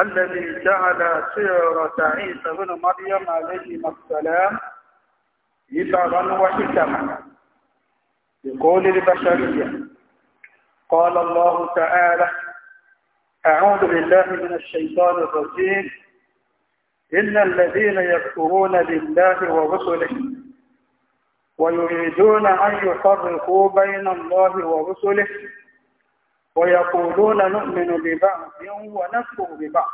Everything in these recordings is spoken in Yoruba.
الذي جعل سيرة عيسى بن مريم عليه السلام إثرا وحكما بقول البشرية قال الله تعالى أعوذ بالله من الشيطان الرجيم إن الذين يكفرون بالله ورسله ويريدون أن يفرقوا بين الله ورسله ويقولون نؤمن ببعض ونكفر ببعض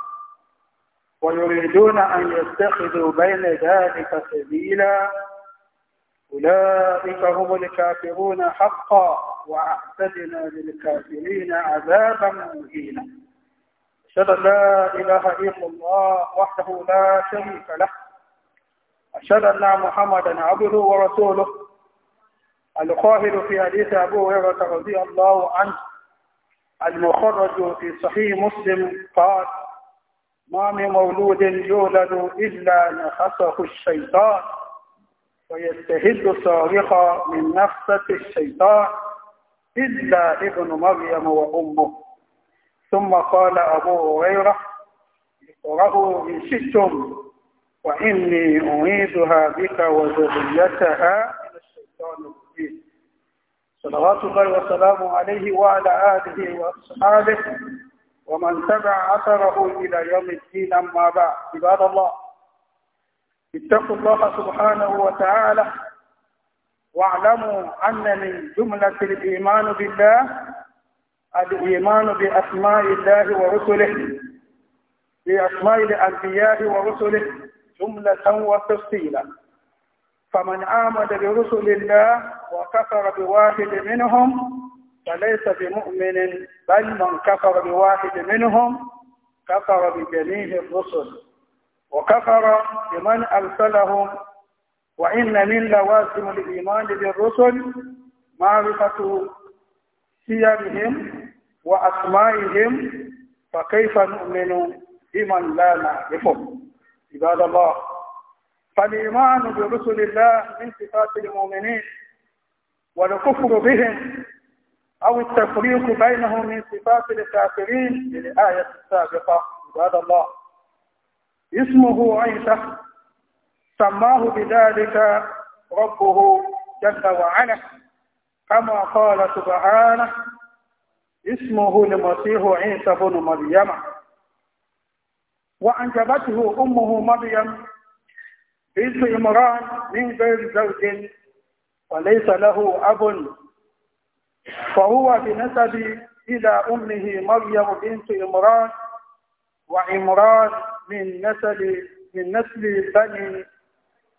ويريدون أن يتخذوا بين ذلك سبيلا أولئك هم الكافرون حقا وأعتدنا للكافرين عذابا مهينا أشهد أن لا إله إلا الله وحده لا شريك له أشهد أن محمدا عبده ورسوله القاهر في حديث أبو هريرة رضي الله عنه المخرج في صحيح مسلم قال ما من مولود يولد إلا نخسه الشيطان ويستهل صارخا من نفسة الشيطان إلا ابن مريم وأمه ثم قال أبو هريرة اقرأه إن شئتم وإني أعيدها بك وذريتها من الشيطان صلوات الله وسلامه عليه وعلى آله وأصحابه ومن تبع أثره إلى يوم الدين أما بعد عباد الله اتقوا الله سبحانه وتعالى واعلموا أن من جملة الإيمان بالله الإيمان بأسماء الله ورسله بأسماء الأنبياء ورسله جملة وتفصيلا فمن آمن برسل الله وكفر بواحد منهم فليس بمؤمن بل من كفر بواحد منهم كفر بجميع الرسل وكفر بمن أرسلهم وإن من لوازم الإيمان بالرسل معرفة سيرهم وأسمائهم فكيف نؤمن بمن لا نعرفه عباد الله فالإيمان برسل الله من صفات المؤمنين والكفر بهم أو التفريق بينهم من صفات الكافرين للآية السابقة عباد الله اسمه عيسى سماه بذلك ربه جل وعلا كما قال سبحانه اسمه المسيح عيسى بن مريم وأنجبته أمه مريم المرأة من غير زوج وليس له أب فهو بنسب إلى أمه مريم بنت إمران وعمران من نسل من نسل بني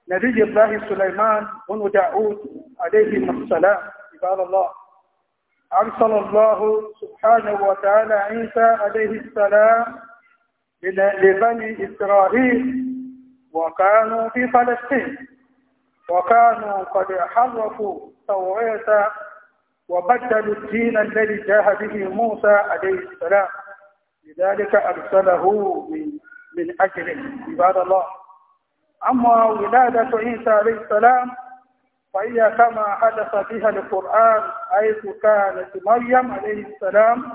نبي الله سليمان بن داود عليه السلام عباد الله أرسل الله سبحانه وتعالى عيسى عليه السلام لبني إسرائيل وكانوا في فلسطين وكانوا قد حرفوا توعية وبدلوا الدين الذي جاء به موسى عليه السلام لذلك أرسله من, من أجله عباد الله أما ولادة عيسى عليه السلام فهي كما حدث بها القرآن حيث كانت مريم عليه السلام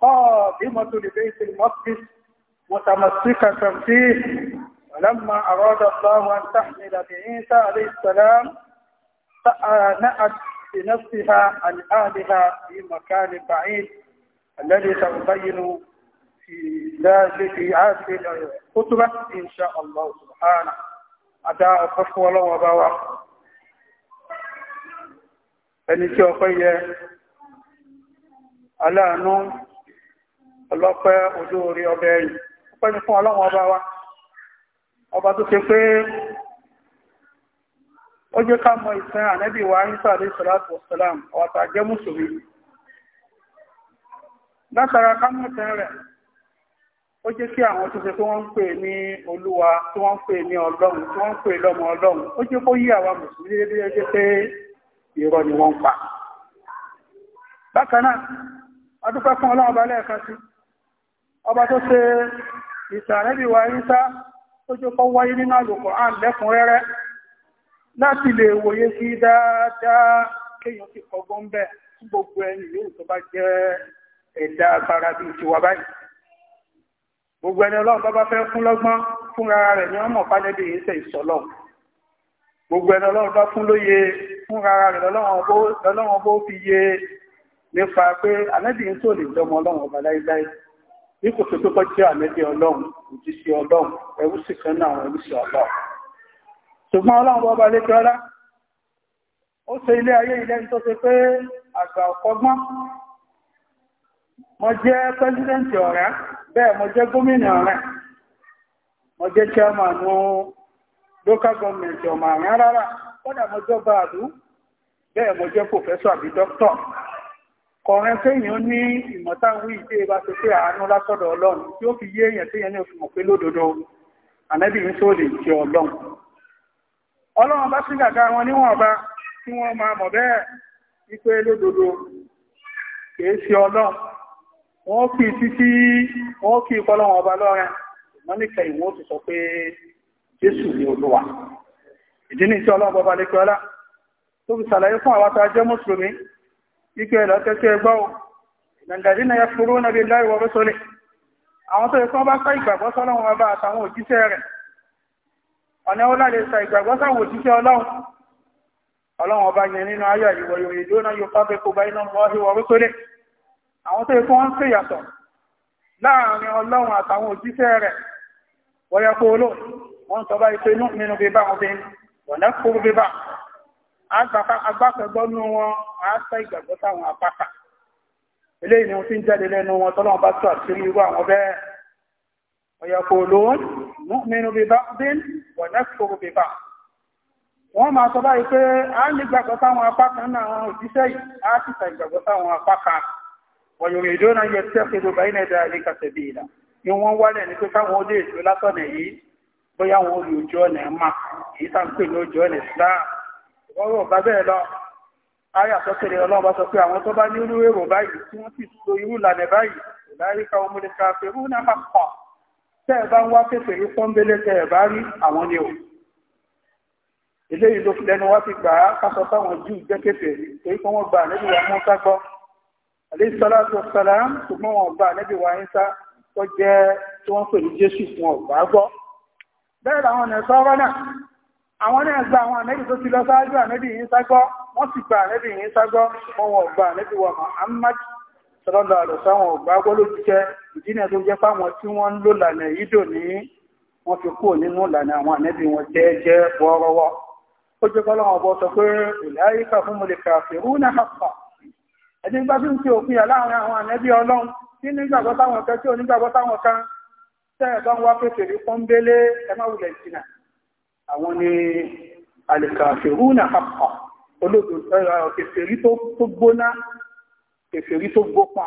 خادمة لبيت المقدس متمسكة فيه ولما أراد الله أن تحمل بعيسى عليه السلام نأت بنفسها عن أهلها في مكان بعيد الذي سأبين في ذلك في هذه الخطبة إن شاء الله سبحانه أداء صفو الله وبوا ẹni tí ọpẹ́ yẹ aláàánú ọlọ́pẹ́ ojú orí ọbẹ̀ yìí ọpẹ́ ni fún ọlọ́run ọba wa ọba tó ṣe pé ó jẹ́ ká mọ ìsìn ànẹ́bí wa Ìsá alayhi salatu wassalam ọ̀tà jẹ́ mùsùlùmí látara kámọ̀tẹ́ rẹ̀ ó jẹ́ kí àwọn tó ṣe tó wọ́n ń pè ní olúwa tó wọ́n ń pè ní ọlọ́run tó wọ́n ń pè lọ́mọ ọlọ́run ó jẹ́ kó yí àwa mùsùlùmí dédé ẹjẹ́ pé irọ́ ni wọ́n pa bákan náà a dúpẹ́ fún ọlọ́run ọba lẹ́ẹ̀kan sí ọba tó ṣe ìsànẹ́bí wa Ìsá ó jẹ́ wáyé nínú Al-Qur'an lẹ́kùnrẹ́rẹ́ láti lè wòye sí dáadáa kéèyàn ti kọ́gbọ́n bẹ̀ tí gbogbo ẹni yóò tó bá jẹ́ ẹ̀dá agbára bíi tiwa báyìí gbogbo ẹni ọlọ́run bá bá fẹ́ fún lọ́gbọ́n fúnra rẹ̀ ni wọ́n pálẹ́bí yìí sẹ̀ gbogbo ẹni ọlọ́run bá fún lóye fúnra rẹ̀ lọ́lọ́run bó fi yé nípa pé ànábì ń tò lè dọ́mọ ọlọ́run ọba láíláí ní kò fi pípọ́ jẹ́ àmẹ́bí ọlọ́run òjíṣẹ́ ọlọ́run ẹrú sì kan náà ẹrú sí ọlọ́run ṣùgbọ́n ọlọ́run ọba lè jọra ó ṣe ilé ayé ilẹ̀ tó ṣe pé àgbà ọ̀kọ́gbọ́n mo jẹ́ pẹ́sidẹ́ntì ọ̀rẹ́ bẹ́ẹ̀ mo jẹ́ gómìnà ọ̀rẹ́ mo jẹ́ chairman local government ọmọ àrẹ́ rárá kódà mo jọba àdú bẹ́ẹ̀ mo jẹ́ professor àbí doctor kọ̀ọ̀rẹ́ kéèyàn ní ìmọ̀táwí ìdé bá ti pé àánú látọ̀dọ̀ ọlọ́run tí ó fi yé èèyàn téèyàn ní òfin mọ̀ pé lódodo ànábì ń tó lè jẹ ọlọ́run ọlọ́run bá sí gàgá wọn níwọ̀nba tí wọ́n máa mọ̀ bẹ́ẹ̀ wípé lódodo kìí ṣe ọlọ́run wọ́n kì í títí wọ́n kì í kọ́lọ́run ọba lọ́rẹ̀ wọ́n ní kẹyìn wọ́n ti sọ pé jésù ni olúwa ìdí ní tí ọlọ́run bọba lẹ́kọ̀ọ́lá tó fi ṣàlàyé fún àwọn tá a jẹ́ mùsùlùmí ike lọ tẹ́tẹ́ gbọ́ ò ìlànàdí na ya fúrú nàbí láì wọ́rọ́ sólè àwọn tó yẹ kí wọ́n bá ká ìgbàgbọ́ sọ́lọ́run ọba àtàwọn òjíṣẹ́ rẹ̀ ọ̀nà ó láre sa ìgbàgbọ́ sáwọn òjíṣẹ́ ọlọ́run ọlọ́run ọba yẹn nínú ayé ìwọ̀ yòrè yóò náà yóò fábẹ́ kó bá iná wọ́rí wọ́rọ́ sólè àwọn tó yẹ kí wọ́n ń ṣe yàtọ̀ láàrin ọlọ́run àtàwọn òjíṣẹ́ rẹ̀ wọ́yẹ kó olóò wọ́n sọ bá ipe nínú bíbá wọn bí wọ̀nà kúrú bíbá agbáfẹ́gbọ́nú wọn àásọ ìgbàgbọ́ táwọn apáta eléyìí ni wọ́n fi ń jáde lẹ́nu wọn tọ́lọ́wọ́n bá tó àṣírí irú àwọn bẹ́ẹ̀ ọ̀yàpọ̀ lóun nu'minu bi ba'din wa nakfuru bi ba'd wọ́n máa sọ báyìí pé a ní gbàgbọ́ táwọn apáta náà àwọn òjíṣẹ́ yìí a ti ta ìgbàgbọ́ táwọn apáta wa yuriduna yattakhidhu bayna dhalika sabila ni wọ́n wálẹ̀ ní pé káwọn ó lè jù látọ̀nà yìí bóyá wọn ó lè ojú ọ̀nà ẹ̀ máa èyí tá ń pè ní ojú ọ̀nà ṣùgbọ́n wọn bá bẹ́ẹ̀ lọ ayà tó tẹ̀lé ọlọ́ọ̀bá sọ pé àwọn tó bá ní irú èrò báyìí tí wọ́n sì so irú ìlànà báyìí ìlàríkà omúlẹ̀ka pẹ̀lú náà pọ̀ tẹ́ ẹ̀ bá ń wá pẹ̀pẹ̀ yí pọ́ńbélé tẹ́ ẹ̀ bá rí àwọn ni ò eléyìí ló fi lẹ́nu wá ti gbà á kásọ táwọn jù jẹ́ pẹ̀pẹ̀ èyí kí wọ́n gba ànẹ́bí wa mú sá gbọ́ àlẹ́ sọlá tó sọlá ṣùgbọ́n wọn gba ànẹ́bí wa yín sá tó jẹ́ tí wọ́n pè ní Jésù fún ọ̀gbá gbọ́ bẹ́ẹ̀ làwọn ọ̀nà sọ́ọ́rọ́ náà àwọn náà gba àwọn ànẹ́bì tó ti lọ sáájú ànẹ́bì yìí ságbọ́ wọ́n sì gba ànẹ́bì yìí ságbọ́ wọn wọ̀ gba ànẹ́bì wa Muhammad sọ́dọ́dọ̀ àlọ́sá wọn ò gbá gbọ́ló jíjẹ́ ìdínà tó jẹ́ fáwọn tí wọ́n ń lò lànà yìí dò ní wọ́n fi kúrò nínú lànà àwọn ànẹ́bì wọn jẹ́ẹ́jẹ́ wọ́ọ́rọ́wọ́ ó jẹ́ kọ́lọ́wọ́n bọ́ sọ pé ìlàríkà fún mo lè kàfẹ́ rú náà hàpà ẹni gbá tí ń fi òfin àláàrin àwọn ànẹ́bí ọlọ́run tí nígbàgbọ́ táwọn kan tí onígbàgbọ́ táwọn kan tẹ́ ẹ̀ bá ń wá pèsè rí pọ́ńbélé ẹ má wulẹ̀ jìnà àwọn ni alìkàfèrúnà àpà olóògbé kèfèrí tó gbóná kèfèrí tó gbópa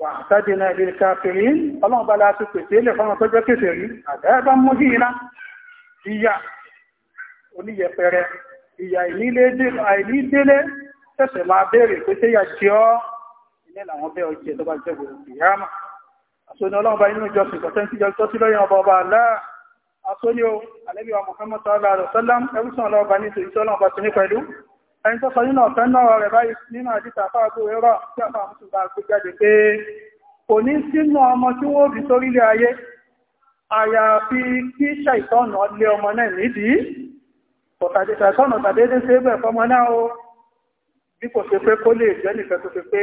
wà sádínà alìkàfèrí ọlọ́run bá láti pèsè ilẹ̀ fọ́nà tó jẹ́ kèfèrí àdáyébá mú yíra ìyà oníyẹpẹrẹ ìyà àìnídélé tẹ̀sẹ̀ máa béèrè pé ṣé yà jẹ́ ọ́ ilé làwọn bẹ́ ọjẹ́ tó bá jẹ́ gbogbo ìyá mà àṣọ ni ọlọ́run inú ìjọsìn kọ̀tẹ́ntì jọ àtọ́lé o alẹ́bí wa Muhammad sallallahu alaihi wasallam ẹrùsàn ọlọ́ọ̀bá ní tòyí tọ́lọ́ ọba tó ní pẹ̀lú ẹni tó sọ nínú ọ̀fẹ́ náà rẹ̀ báyìí nínú àdíta fáàgbó rẹ̀ tí àfà mú ṣùgbà kó jáde pé kò ní sínú ọmọ tí wọ́n bí sórílẹ̀ ayé àyàfi kí ṣàìtọ́nà lé ọmọ náà nídìí pọ̀tàdé ṣàìtọ́nà tàdédé ṣe é bẹ̀ fọmọ náà o bí kò ṣe pé kó lè jẹ́ nìkan tó ṣe pé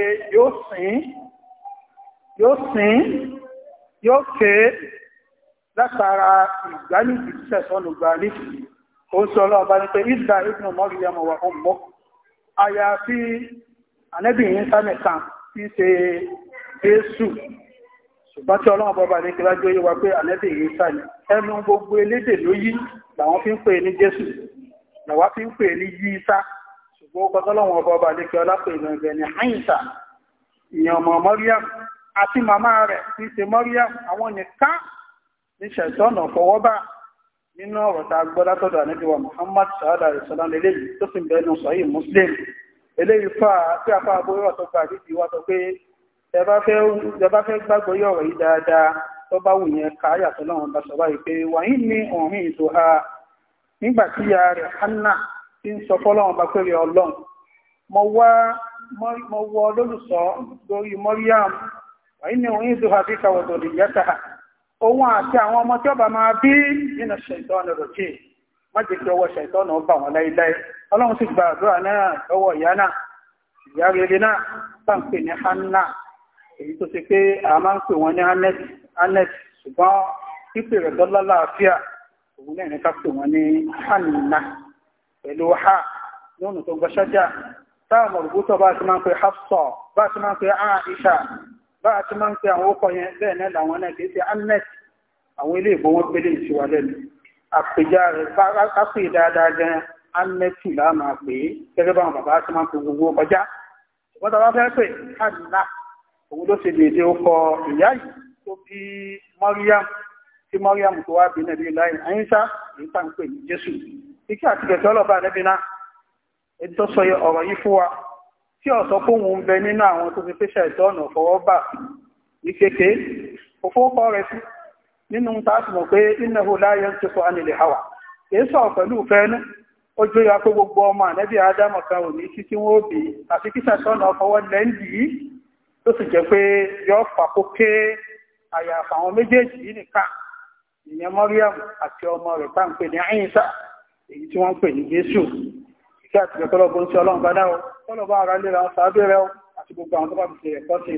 yóò látara ìgbánìtì sẹ̀sọ́nù gbanìtì ó sọ ọlọ́ọ̀bá ní pé ìdá ìbìnà mọ́ríyàmọ̀ wà ó mọ́ àyàfi anẹ́bìnrin sánẹ̀kan tí ṣe jésù ṣùgbọ́n tí ọlọ́run bọ́bá ní kílájú yíwa wá pé anẹ́bìnrin sánẹ̀ ẹnu gbogbo elédè ló yí làwọn fi ń pè ní jésù làwa fi ń pè ní yíṣá ṣùgbọ́n ó gbọ́dọ̀ lọ́wọ́ bọ́bá ní kílájú pé ìgbẹ̀ngẹ̀ ní àyíṣà ìyàn ní ṣẹ̀tọ́nà fọwọ́bà nínú ọ̀rọ̀ tá a gbọ́ látọ̀dọ̀ àníbíwá Muhammad sahada àrísọ́lá lélẹ́yìí tó sì ń bẹnu sọ́yì Muslim eléyìí fà á tí a fà á bóyọ̀ tó gbà dídì wá sọ pé ẹ bá fẹ́ gbàgbọ́ yọ̀ ọ̀rọ̀ yìí dáadáa tó bá wù yẹn ká yàtọ̀ lọ́wọ́n bá sọ báyìí pé wàyí ní ọ̀hún ìtò ha nígbà tí ya rẹ̀ Hanna ti ń sọ fọ́lọ́wọ́n bá péré Ọlọ́run mo wá mo wọ lólùsọ lórí Mọ́ríyàm wàyí ní ọ̀hún ìtò ha bí kàwọ́ òun àti àwọn ọmọ tí ó bá máa bí nínú ṣẹ̀tọ́nà rọ̀jì má jẹ́ ọwọ́ ṣẹ̀tọ́nà ó bà wọ́n láíláí ọlọ́run sì gba àdúrà náà lọ́wọ́ ìyá náà ìyá rere náà bá ń pè ní hanna èyí tó ṣe pé a máa ń pè wọ́n ní hannet ṣùgbọ́n pípè rẹ̀ dọ́lá láàfíà òun náà ní ká pè wọ́n ní hanna pẹ̀lú ha lónìí tó gbọ́ ṣájà táwọn mọ̀rùbútọ̀ bá ti máa ń pè hafsọ bá ti máa ń pè aisha bá a ti máa ń pe àwọn ọkọ̀ yẹn bẹ́ẹ̀ náà làwọn náà kìí ṣe amnet àwọn ilé ìbò wọn pélé ìṣíwá lẹ́nu àpèjá rẹ̀ kápè dáadáa gan amnetu là máa pè é gẹ́gẹ́ báwọn bàbá ti máa ń pe gbogbo kọjá ṣùgbọ́n tá a bá fẹ́ pè hàlá òun ló ṣe déédéé ọkọ ìyá yìí tó bí Mariam tí Mariam tó wá bí nàbí láì àyíṣà èyí tá à ń pè ní Jésù kíkí àti kẹ̀kẹ́ ọlọ́ba àdẹ́bìnà ètò tí ọ̀sọ́ kóhun ń bẹ nínú àwọn tó fi pẹ́ṣẹ̀ ìtọ́nà fọwọ́bà ní kéèké òfófó rẹ̀ sí nínú tààtì mọ̀ pé innahu la yantiqu anil hawa kìí pẹ̀lú fẹ́ẹ́nú ó ya pé gbogbo ọmọ ànẹ́bí adámọ̀ ò ní kí tí wọ́n bí àti kí sẹ̀tọ́nà fọwọ́ kí àti ìrẹ̀kọ́lọ́gbọ́n tí ọlọ́run bá dáwọ́ tọ́lọ̀ bá ara lera sáábẹ́ rẹ̀ àti gbogbo àwọn tó bá fi ẹ̀kọ́ sí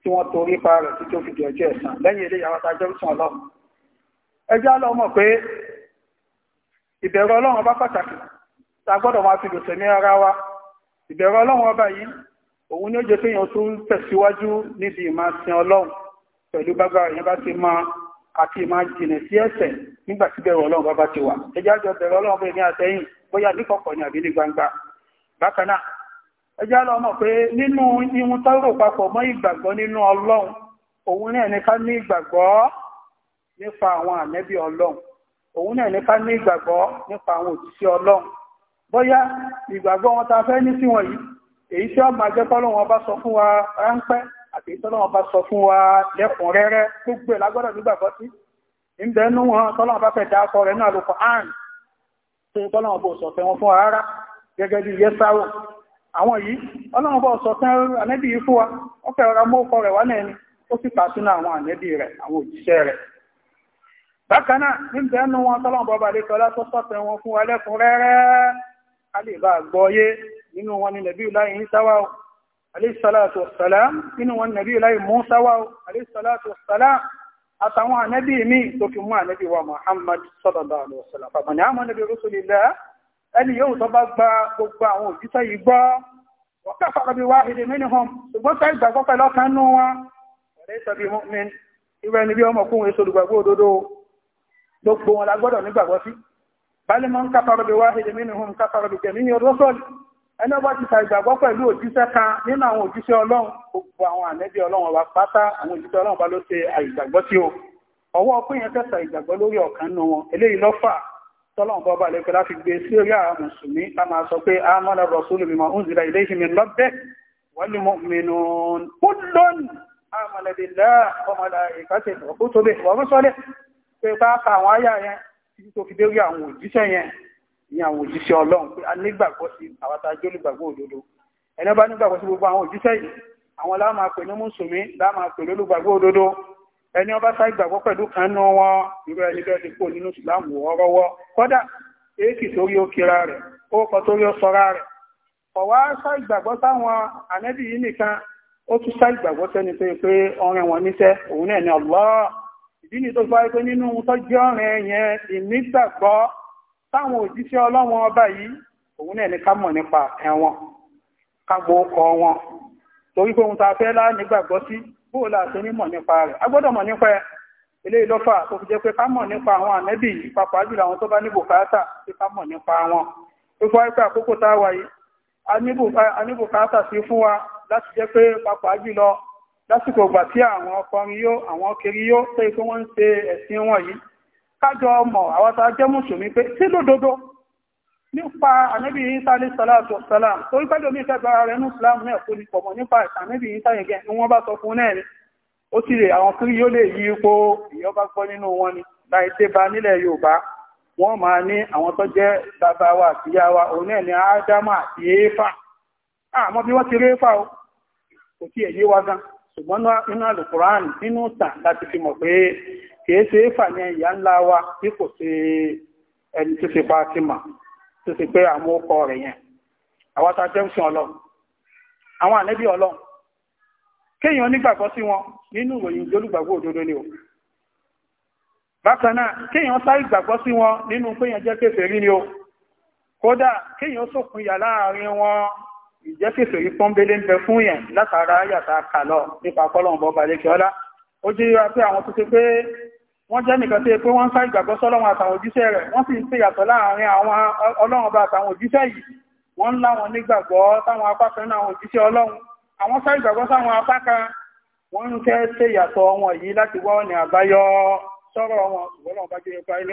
tí wọ́n torí pa rẹ̀ tí tó fi di ọjọ́ ẹ̀san lẹ́yìn ilé ìyàwó tajọ́ sùn ọlọ́run ẹjọ́ lọ mọ̀ pé ìbẹ̀rù ọlọ́run bá pàtàkì ta gbọ́dọ̀ máa fi lòsẹ̀ ní ara wa ìbẹ̀rù ọlọ́run ọba yìí òun ni ó jẹ́ kéèyàn tó ń tẹ̀síwájú níbi ìmá sin ọlọ́run pẹ̀lú bàbá èèyàn bá ti máa àti ìmá jìnà sí ẹ̀ṣẹ̀ nígbà tí bẹ̀rù ọlọ́run bá ti wà ẹjọ́ àjọ bẹ̀rù ọlọ́run bá ní àtẹ́yìn bóyá nífọ̀kọ̀ ni àbí ní gbangba bákan náà ẹjá lọ mọ̀ pé nínú ihun tó rò papọ̀ mọ́ ìgbàgbọ́ nínú ọlọ́run òun náà ní ká ní ìgbàgbọ́ nípa àwọn ànẹ́bí ọlọ́run òun náà ní ká ní ìgbàgbọ́ nípa àwọn òjíṣẹ́ ọlọ́run bóyá ìgbàgbọ́ wọn ta fẹ́ ní sí yìí èyí tí ọmọ ajẹ́kọ́lọ́wọ́n bá sọ fún wa ránpẹ́ àti ìtọ́lọ́wọ́n wa lẹ́kùn rẹ́rẹ́ gbogbo ẹ̀ lágbọ́dọ̀ nígbàgbọ́ sí ìbẹ̀ẹ́nú wọn tọ́lọ́wọ́n bá fẹ́ dákọ̀ rẹ̀ tó tọ́lọ́wọ́ bọ̀ sọ̀fẹ́ wọn fún wa rárá gẹ́gẹ́ bí yẹ́sáwò àwọn yìí ọlọ́wọ́ bọ̀ sọ̀fẹ́ ànẹ́bì yìí fún wa ó fẹ́ rọra mú ọkọ rẹ̀ wá náà ni ó sì kà sínú àwọn ànẹ́bì rẹ̀ àwọn òjíṣẹ́ rẹ̀ bákan níbi ẹnu wọn tọ́lọ́wọ́ bọ̀ balẹ̀ tọ́lá tó sọ̀fẹ́ wọn fún wa àtàwọn ànábì mi tó fi mú ànábì wa Muhammad sallallahu alaihi wasallam fàmọ̀ ní àmọ́ níbi rusulillah ẹni yóò tó bá gba gbogbo àwọn òjíṣẹ́ yìí gbọ́ wọ́n kà fara bí wahidin minhum ṣùgbọ́n sọ ìgbàgbọ́ pẹ̀lú ọkàn nú wọn ọ̀rẹ́ sọ bí mu'min irú ẹni bí ọmọ kún èso olùgbàgbọ́ òdodo gbogbo wọn la nígbàgbọ́ sí bal man kafara bí wahidin minhum kafara bí jami'i ar-rusul ẹni ọba ti ṣàìgbàgbọ́ pẹ̀lú òjíṣẹ́ kan nínú àwọn òjíṣẹ́ ọlọ́run gbogbo àwọn ànẹ́bí ọlọ́run ọba pátá àwọn òjíṣẹ́ ọlọ́run ọba ló ṣe àìgbàgbọ́ tí o ọwọ́ pé yẹn tẹ̀sà ìgbàgbọ́ lórí ọ̀kan nù wọn eléyìí lọ́fà tọ́lọ́run bọ́ba lè pẹ́ láti gbé sí orí àwọn mùsùlùmí ká máa sọ pé amọ́nà rọ̀súlù mi máa ń zira ilé ìhìnmi lọ́bẹ̀ wọ́n ní mo mìnú kúlọ́n amọ̀lẹ́bìlá ọmọlá ìkàtẹ̀ ọ̀kú tóbi wọ́n sọ́lẹ̀ pé bá ka àwọn áyà yẹn títí tó fi dé orí àwọn òjíṣẹ́ yẹn ní àwọn òjíṣẹ́ ọlọ́run pé a nígbàgbọ́ sí àwọn àtàjọ́ olùgbàgbọ́ òdodo ẹni bá nígbàgbọ́ sí gbogbo àwọn òjíṣẹ́ yìí àwọn la máa pè ní mùsùlùmí la máa pè lólùgbàgbọ́ òdodo ẹni ọba sá ìgbàgbọ́ pẹ̀lú kan nú wọn irú ẹni bẹ́ẹ̀ ti kó nínú ìsìlámù wọ́ọ́rọ́wọ́ kódà èkì torí ó kira rẹ̀ ó torí ó sọra rẹ̀ ọ̀wá sá ìgbàgbọ́ sáwọn ànẹ́bì yìí nìkan ó tún sá ìgbàgbọ́ sẹ́ni pé pé ọ̀rẹ́ wọn níṣẹ́ òun náà ni Allah ìdí ni tó gbọ́ pé nínú ohun tó yẹn ìmígbàgbọ́ táwọn òjíṣẹ́ ọlọ́wọ́n ọba yìí òun náà ní ká mọ̀ nípa ẹ̀wọ̀n ká gbọ́ ọkọ̀ wọn torí pé ohun tá a fẹ́ lá nígbàgbọ́ sí bóò là ṣe ní mọ̀ nípa rẹ̀ a gbọ́dọ̀ mọ̀ nípa ẹ eléyìí lọ́fà tó fi jẹ́ pé ká mọ̀ nípa àwọn ànẹ́bì yìí pàápàá jùlọ àwọn tó bá ní bùkátà pé ká mọ̀ nípa wọn tó fọ́ pé àkókò tá a wà yìí a ní bùkátà sí fún wa láti jẹ́ pé pàápàá jùlọ lásìkò ìgbà tí àwọn ọkọrin yó àwọn kiri yó tó yẹ pé wọ́n ń ṣe ẹ̀sìn wọn yìí kájọ ọmọ àwọn tá a jẹ́ mùsùlùmí pé sí lódodo nípa ànábì Ìsá ní sàlátù sàlám torí pẹ́lú omi ìfẹ́ rẹ̀ ní islam náà kó ní nípa ànábì Ìsá yẹ̀gẹ́ ni wọ́n bá sọ fún náà ni ó sì rè àwọn kiri yóò lè yí ipò ìyọba gbọ́ nínú wọn ni láì dé ba nílẹ̀ Yorùbá wọ́n máa ní àwọn tó jẹ́ bàbá wa àti wa òun náà ni ádámà àti éfà àmọ́ bí wọ́n ti rí éfà o kò tiẹ̀ yé wa gan ṣùgbọ́n nínú àlùkùránì nínú ìtàn láti fi mọ̀ pé kìí ṣe é fà ní ìyá ńlá wa bí kò ṣe ẹni tó ṣe pa ti mà tó ṣe pé àwọn ọkọ rẹ̀ yẹn àwọn tá a jẹ́ ń sin ọlọ́run àwọn ànẹ́bí ọlọ́run kéèyàn nígbàgbọ́ sí wọn nínú ìròyìn ìjólùgbàgbọ́ òdodo ni o bákan náà kéèyàn sáré gbàgbọ́ sí wọn nínú péyàn jẹ́ kèfèrí ni o kódà kéèyàn sókun yà láàrin wọn ìjẹ́ kèfèrí pọ́nbélé ń bẹ fún yẹn látara yàtà kà lọ nípa kọ́lọ́run bọ́ balẹ̀ kí ọlá ó jẹ́ pé àwọn tó ṣe pé wọ́n jẹ́ nìkan tí pé wọ́n ń sá ìgbàgbọ́ sọ́lọ́run àtàwọn òjíṣẹ́ rẹ̀ wọ́n sì ń ṣe yàtọ̀ láàrin àwọn ọlọ́run bá àtàwọn òjíṣẹ́ yìí wọ́n ń láwọn nígbàgbọ́ táwọn apá kan náà àwọn òjíṣẹ́ ọlọ́run àwọn sá ìgbàgbọ́ sáwọn apá kan wọ́n ń fẹ́ ṣe yàtọ̀ wọn yìí láti wá ọ̀nà àbáyọ sọ́rọ̀ wọn ṣùgbọ́n bá jẹ́ ipa ẹni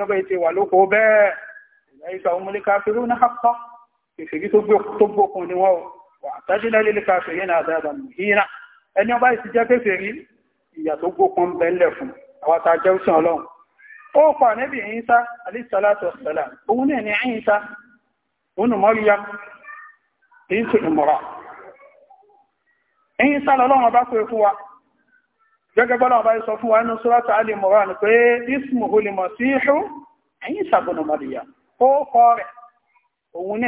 ọbẹ̀ àwọn tá a jẹ́ òsìn ọlọ́run ó pa ànẹ́bì Ìsá alìsàlátù ọ̀sẹ̀lá òun náà ni Ìsá òun mọ́ríyá èyí tó ìmọ̀ra Ìsá lọ́lọ́run bá pé fún wa gẹ́gẹ́ bọ́lá ọba sọ fún wa nínú òun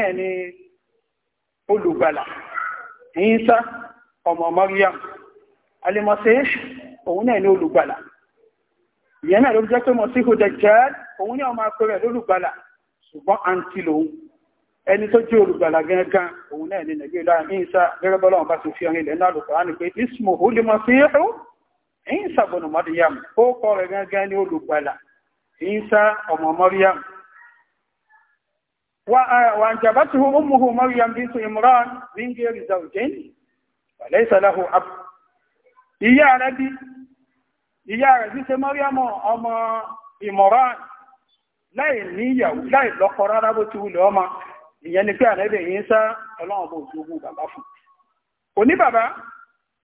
náà ni olùgbàlà ìyẹn náà ló jẹ́ pé Masihu Dajjal òun ní ọmọ akọrẹ lólùgbàlà ṣùgbọ́n àǹtí lòun ẹni tó jẹ́ olùgbàlà gẹ́gẹ́ òun náà ní nàìjíríà ìyínsá gẹ́gẹ́ bọ́lá wọn bá ti fi ọrin ilẹ̀ náà lùkọ́ ánì pé ismuhu al-Masihu ìyínsá bọ̀nù Maryam ó kọ́ rẹ̀ gẹ́gẹ́ ní olùgbàlà ìyínsá ọmọ Maryam wa anjabatuhu ummuhu Maryam bintu Imran min ghairi zawjin wa laysa lahu ab ìyá rẹ̀ bí ìyá rẹ̀ tí ṣe mọ́ríàmọ̀ ọmọ ìmọ̀ràn láì ní ìyàwó láì lọ́kọ rárá bó ti wulẹ̀ ọmọ ìyẹn ni pé àlẹ́bẹ̀ yìí ń sá ọlọ́run bó ti wù bàbá fún kò ní bàbá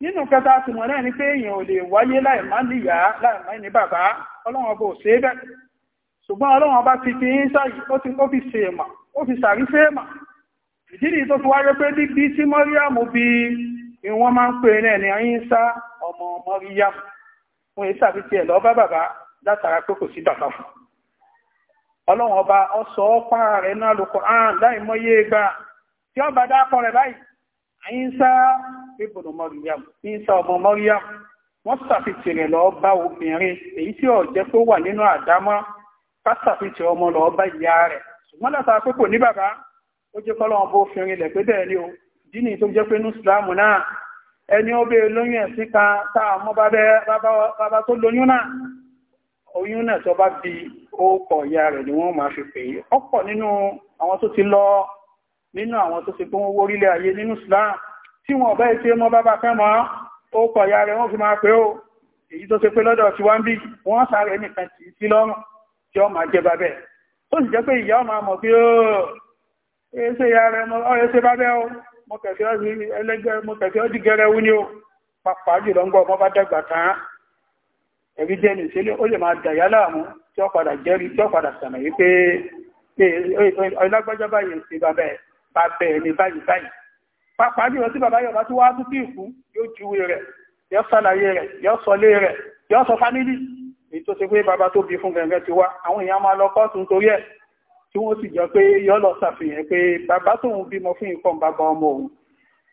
nínú kẹta ti mọ̀ náà ni pé èèyàn ò lè wáyé láì má níyà láì má ní bàbá ọlọ́run bó ṣe é bẹ́ẹ̀ ṣùgbọ́n ọlọ́run bá ti fi ń sáyì ó ti fi ṣe èèmọ̀ ó fi sàrí ṣe èèmọ̀ ìdí nìyí tó fi wáyé pé bíbí tí mọ́ríàmù bí ìwọ́n máa ń pè ní ayín wọn yìí sàbí tiẹ̀ lọ bá bàbá látara pé kò sí bàbá fún ọlọ́run ọba ọsọ ọ́pá rẹ̀ náà Al-Qur'an láì mọ́yé gbà tí ọba dákọ̀ rẹ̀ báyìí àyínsá ibùdó Maryam àyínsá ọmọ Maryam wọ́n sàfitì rẹ̀ lọ bá obìnrin èyí tí ó jẹ́ pé wà nínú àdámọ́ ká sàfitì ọmọ lọ bá ìyá rẹ̀ ṣùgbọ́n látara pé kò ní bàbá ó jẹ́ kọ́lọ́run bó fi rinlẹ̀ pé bẹ́ẹ̀ ni o ìdí tó jẹ́ pé ní Islam náà ẹni ó bèèrè lóyún ẹ̀sìn kan táà mọ́ bàbá tó lóyún náà oyún náà tó bá bí ókọ̀ ìyá rẹ̀ ni wọ́n máa fi pè é ọ̀pọ̀ nínú àwọn tó ti lọ nínú àwọn tó ti pé wọ́n wórílẹ̀ ayé nínú Islam tí wọ́n bá ètò ẹmọ bàbá fẹ́ mọ́ ókọ̀ ìyá rẹ̀ wọ́n fi máa pè ó èyí tó ṣe pé lọ́dọ̀ tí wọ́n bí wọ́n sáré nìkan tì í sí lọ́rùn tí ó máa jẹ bàbẹ̀ tó sì jẹ́ pé ìyá ọmọ àmọ̀ pé ó ṣe ìyá rẹ̀ mọ́ ọ́ mọ́kẹ̀fẹ́ ọdí gẹ́rẹ́ wú ní ó pàpà jùlọ ń gbọ́ ọmọ bá dàgbà tán ẹ̀rí jẹ́ ní ìṣẹ́lẹ̀ ó lè máa dàyà láàmú tí ó padà jẹ́rí tí ó padà sàmà yí pé ọlágbájá báyìí sí bàbá ẹ̀ bàbá ẹ̀ ní báyìí báyìí pàpà jùlọ tí bàbá yọba tó wá tó sí ìkú yóò júwe rẹ̀ yóò sàlàyé rẹ̀ yóò sọ lé rẹ̀ yóò sọ fámílì èyí tó ṣe pé bàbá tó bí fún gẹ̀ngẹ̀ ti wá àwọn èèyàn máa lọ kọ́ọ̀tù nítorí ẹ̀ tí wọ́n sì jọ pé yọ lọ ṣàfihàn pé bàbá tóun bímọ fún nǹkan bàbá ọmọ òun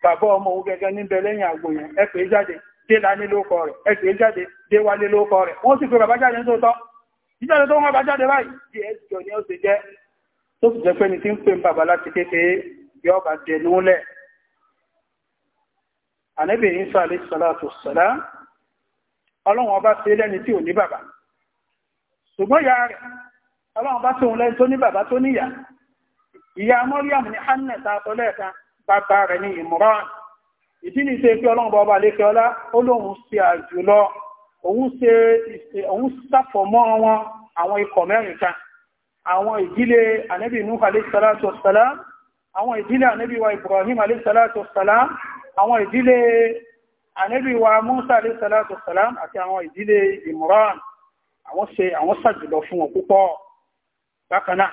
bàbá ọmọ òun gẹ́gẹ́ níbẹ̀ lẹ́yìn àgbò yẹn ẹ pè é jáde dé lání lóko rẹ̀ ẹ pè é jáde dé wálé lóko rẹ̀ wọ́n sì pé bàbá jáde tó tọ́ ìjáde tó wọ́n bá jáde báyìí di ẹ̀sìjọ ni ó ṣe jẹ́ tó sì jẹ́ pé ní tí ń pè ń bàbá láti kékeré yọ bá dẹnu lẹ̀ ànábì Ìsá alayhi salatu wassalam ọlọ́run ọba ṣe lẹ́ni tí ò ní bàbá ṣùgbọ́n ya rẹ̀ ọlọ́run bá tóun lẹ́yìn tó ní bàbá tó níyà ìyá mọ́ríàmù ní hannah ta sọ lẹ́ẹ̀kan bàbá rẹ̀ ní ìmúràn ìdí ní ṣe pé ọlọ́run bọ́ọ̀bà lékẹ́ ọlá ó lóun ṣe àjùlọ òun ṣe òun sàfọ̀mọ́ wọn àwọn ikọ̀ mẹ́rin kan àwọn ìdílé ànábì nuh aleyhisalatu wasalam àwọn ìdílé ànábì wa ibrahim aleyhisalatu wasalam àwọn ìdílé ànábì wa musa aleyhisalatu wasalam àti àwọn ìdílé imran àwọn ṣe àwọn sàjùlọ fún wọn púpọ̀ bákanáà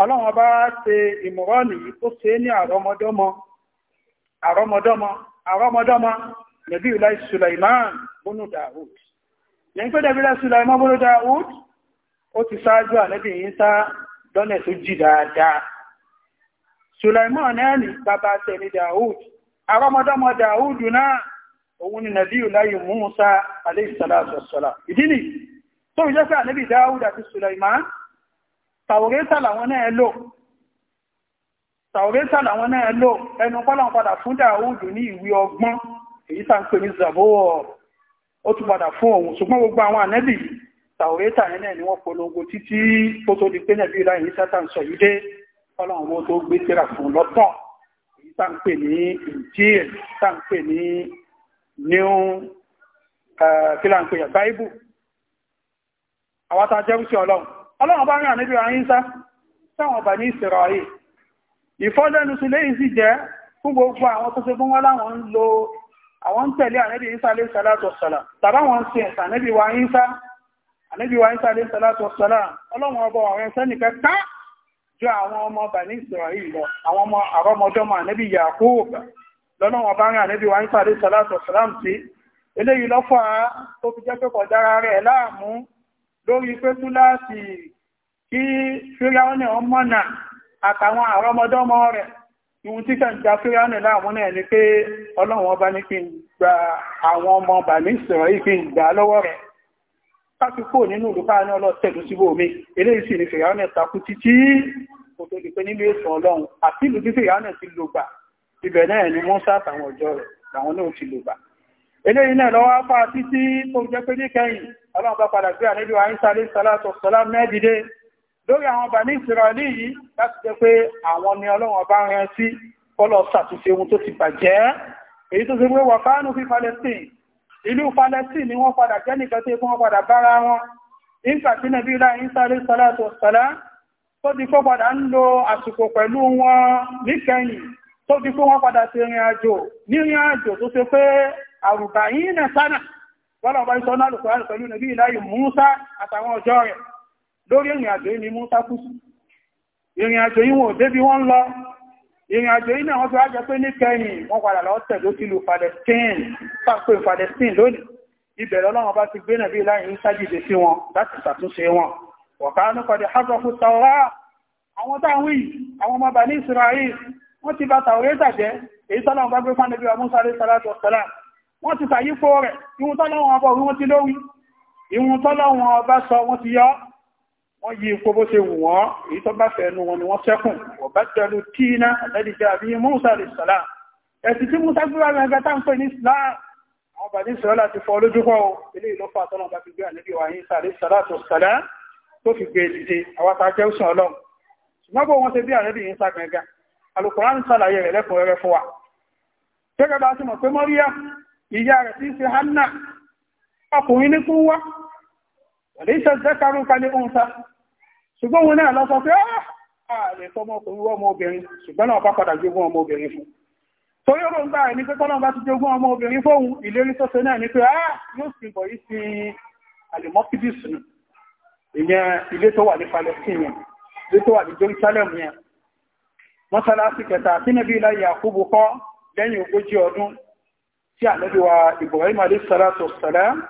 ọlọ́run bá ṣe ìmọ̀rọ́nì ó ṣe ní àrọmọdọ́mọ àrọmọdọ́mọ àrọmọdọ́mọ nàbí ìlà Sulaiman bónú Dawud yẹn pé nàbí ìlà Sulaiman bónú Dawud ó ti ṣáájú ànẹ́bì yìí sá lọ́nà tó jì dáadáa Sulaiman náà ní bàbá tẹ̀lé Dawud àrọmọdọ́mọ Dawud náà òun ni nàbí ìlà Musa alayhi salatu wassalam ìdí ni tó ìjọ́sà ànẹ́bì Dawud Sulaiman tàwòrétà làwọn náà lò tàwòrétà làwọn náà lò ẹnu pọ́lọ̀n padà fún Dáúdù ní ìwé ọgbọ́n èyí tà ń pè ní zàbówọ̀ ó tún padà fún òun ṣùgbọ́n gbogbo àwọn ànẹ́bì tàwòrétà yẹn ni wọ́n polongo títí tó tó di pé nẹ̀bí ìlà èyí sátà ń sọ yìí dé pọ́lọ̀n wọn tó gbé tẹ́ra fún ń pè eh, Ọlọ́run ọlọ́run bá rán níbi àyínsá sáwọn bà ní ìsìnrọ̀ ayé ìfọ́lẹ́nu sí léyìn sì jẹ́ fún gbogbo àwọn tó ṣe fún wọ́n láwọn ń lo àwọn ń tẹ̀lé ànẹ́bí ìsá lè sàlátọ̀ sàlá tàbá wọn sí ẹ̀sà ànẹ́bí wa ìsá ànẹ́bí wa ìsá lè sàlátọ̀ sàlá ọlọ́run ọba àwọn ẹ̀sẹ́ nìkan ká jọ lórí pé kúláàsì kí fíráúnì ọmọ́nà àtàwọn àrọmọdọ́mọ rẹ̀ ìwọ̀n tí kàn já fíráúnì láàmú náà ni pé ọlọ́run ọba ní kí n gba àwọn ọmọ bàmí sọ̀rọ̀ yìí kí n gbà lọ́wọ́ rẹ̀ káfí kò nínú olùkọ́ àní ọlọ́tẹ̀lú síbò mi eléyìí sì ni fíráúnì takú títí kò tó di pé nílé ètò ọlọ́run àti ìlú ni mọ́sá ọlọ́run bá padà gbé àníbí wa Ìsá alayhi salatu wassalam mẹ́dìdé lórí àwọn Bani Israeli yìí láti jẹ́ pé àwọn ni ọlọ́run ọba rẹ̀ sí kọ́lọ̀ ṣàtúnṣe ohun tó ti bàjẹ́ èyí tó ṣe pé wà fánú fi Palestine ìlú Palestine ni wọ́n padà jẹ́ nìkan tó wọ́n padà bára wọn nígbà tí nàbí ilá Ìsá alayhi salatu wassalam tó di kó padà ń lo àsìkò pẹ̀lú wọn níkẹyìn tó di kó wọ́n padà sí ìrìn àjò ní ìrìn àjò tó ṣe pé àrùbáyín náà sánà wọ́n bá sọ náà lùkọ́ pẹ̀lú nàbí ìláyì Musa àtàwọn ọjọ́ rẹ̀ lórí ìrìn àjò yìí ni Musa kú sí ìrìn àjò yìí wọn ò débi wọ́n lọ ìrìn àjò yìí náà wọ́n fi wájọ pé ní kẹyìn wọ́n padà lọ tẹ̀dó sí lu Palestine pàpẹ Palestine lónìí ibẹ̀ lọ́lọ́wọ́n bá ti gbé nàbí ìláyì ń sájìde sí wọn láti ṣàtúnṣe wọn wọ̀kánú kọ̀dé hajjọ́fù tàwọ́rá àwọn táwọn yìí àwọn ọmọ bà ní Israel wọ́n ti bà tàwọ́rẹ́ tàjẹ́ èyí tọ́lọ́wọ́n bá gbé fánàbí wa Musa alayhi salatu wa salam wọ́n ti sàyífò rẹ̀ ihun tọ́lọ́wọ́n ọba orí wọ́n ti lórí ihun tọ́lọ́wọ́n ọba sọ wọ́n ti yọ́ wọ́n yí ipò bó ṣe wù wọ́n èyí tó bá fẹ̀ẹ́nu wọn ni wọ́n sẹ́kùn ọ̀bá jẹ́lu tíínà lẹ́dìjẹ́ àbí Musa lè sọ́lá ẹ̀sì tí Musa gbúra gẹ́gẹ́ tá ń pè ní Islam àwọn bàbí sọ́lá ti fọ́ lójú pọ̀ ilé ìlú fà tọ́lọ́ bá fi gbé àníbí wa yín sàlẹ̀ sọ́lá tó sọ́lá tó fi gbé e dìde àwọn ta jẹ́ sùn ọlọ́run ṣùgbọ́n bó wọn ṣe bí àníbí yín sá gẹ́gẹ́ Al-Qur'an ń sàlàyé rẹ̀ lẹ́kùnrẹ́rẹ́ fún wa gẹ́gẹ́ bá ti mọ̀ pé Mọ́ríyá ìyá rẹ̀ tí ń ṣe hanna ọkùnrin ní kún wá wọ̀lé iṣẹ́ zẹ́karún ka ní oúnta ṣùgbọ́n wọn náà lọ́sọ pé ààrẹ ah, fọmọkùnrin wọ́n ọmọbìnrin ṣùgbọ́n náà bá padà jogún ọmọbìnrin fún torí ó ròǹgbà rẹ̀ ah yóò sì bọ̀ yìí sí alimọ́kídìsì ni ìyẹn ilé tó wà ní Palestine yẹn ilé tó wà ní Jerusalem yẹn mọ́sálásí kẹta tí nàbí tí ànábì wa Ibrahim alayhi salatu wassalam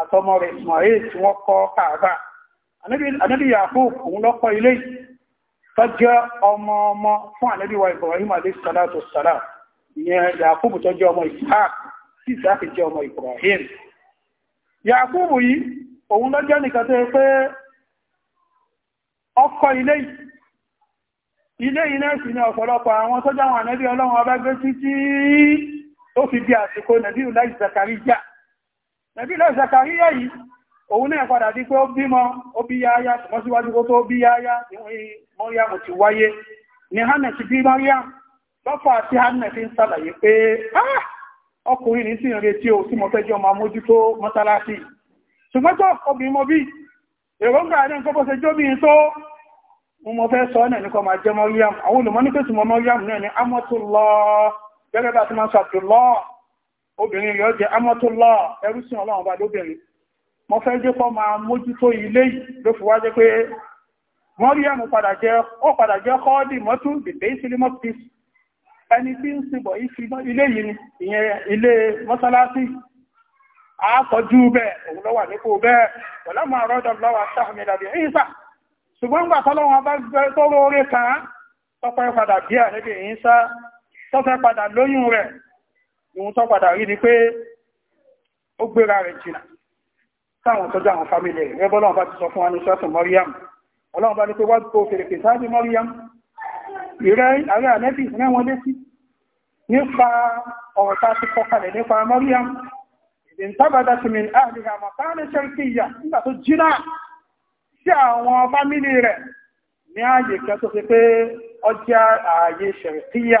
àtọmọ rẹ̀ Ismail tí wọ́n kọ́ Kaaba ànábì Yakub òun lọ́kọ́ ilé tọ́jẹ́ ọmọ ọmọ fún ànábì wa Ibrahim alayhi salatu wassalam ìyẹn Yakub tọ́jẹ́ ọmọ Ishaq sí ìsáàkì jẹ́ ọmọ Ibrahim Yakub yìí òun lọ́jọ́ nìkan tó yẹ pé ọkọ̀ ilé ilé iná sí ní ọ̀pọ̀lọpọ̀ àwọn tọ́jọ́ àwọn ànábì Ọlọ́run ọba gbé títí tó fi bí àsìkò nàbí ìlà ìzàkàríyà nàbí ìlà ìzàkàríyà yìí òun náà padà di pé ó bímọ ó bí yáyá ṣùgbọ́n síwájú kó tó bí yáyá mo ti wáyé ni hannah ti bí mọ́ríà lọ́fà tí hannah fi ń sàlàyé pé ah! ọkùnrin ní sí ìrètí o tí mo máa mójútó mọ́sálásí ṣùgbọ́n tó obìnrin mọ bí èròǹgbà rẹ̀ nǹkan bó ṣe tó mo fẹ́ sọ nìkan máa gẹ́gẹ́ bá ti máa sàtò lọ́ obìnrin rẹ̀ jẹ́ amọ́tò lọ́ ẹrúsìn ọlọ́run bá lóbìnrin mo fẹ́ jẹ́ kó máa mójútó ilé yìí ló fi wá jẹ́ pé wọ́n rí ẹ̀mù padà jẹ́ ó padà jẹ́ kọ́ọ́dì mọ́tú bèbè ìsìlímọ́ pìsì ẹni tí ń sìnbọ̀ ilé yìí ni ìyẹn ilé mọ́sálásí àákọjú bẹ́ẹ̀ òun lọ́wà nípò bẹ́ẹ̀ pẹ̀lá máa rọ́dọ̀ lọ́wà sáàmìlàbí ìyíṣà ṣùgbọ́n gbà tọ́lọ́wọ́n bá gbẹ́ tó róore kan tọ́pẹ́ padà bí àníbì ìyíṣà tó fẹ́ padà lóyún rẹ̀ ìwọ̀n tó padà rí ni pé ó gbéra rẹ̀ jìnà sáwọn tọ́jú àwọn fámílì rẹ̀ bọ́lọ́wọ́n bá ti sọ fún wa ní sọ́tún Mọ́ríyàm ọlọ́wọ́n bá ní pé wọ́n tó fèrèkè sáájú Mọ́ríyàm ìrẹ́ ààrẹ ànẹ́bì rẹ́wọ̀n létí nípa ọ̀rọ̀ tá a ti kọ kalẹ̀ nípa Mọ́ríyàm ìtàbàdà ti min àríhà kẹ́ tó fi pé ọjà ààyè ṣẹ̀ríkìyà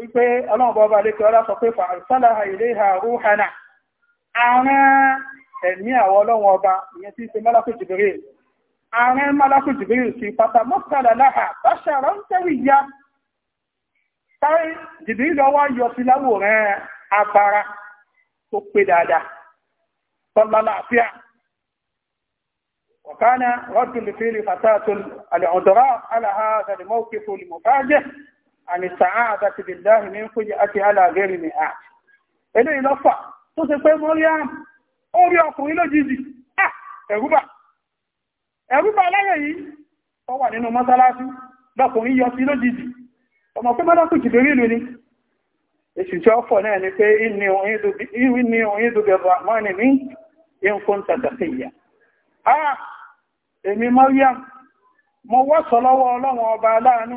wípé ọlọ́ọ̀bọ̀ ọba lékẹ́ ọlá sọ pé ha ilé ha rúhánà àárín ẹ̀mí àwọn ọlọ́wọ̀n ọba ìyẹn tí í ṣe mọ́lákù jìbìrì àárín mọ́lákù jìbìrì sí pátá mọ́sálà láhà báṣàrọ̀ ń ya táì jìbìrì lọ́wọ́ yọ sí láwòrán abara tó pé dáadáa tọ́lá láàfíà وكان رد الفيل فتاة العذراء على هذا الموقف àní sàáàdà ti bìlá ìní ń kújẹ àti aláàgẹ́rì ní àt eléyìí lọ́fà tó ṣe pé mọ́ríàm ó rí ọkùnrin lójijì ah, ẹ̀rúbà ẹ̀rúbà láyé yìí ó wà nínú mọ́sálásí lọ́kùnrin yọ sí lójijì ọmọ pé ni èsì tí na-enipe náà ni pé ìní òyìn dùbẹ̀ rahman ní Ha! mo ọlọ́run ọba aláàánú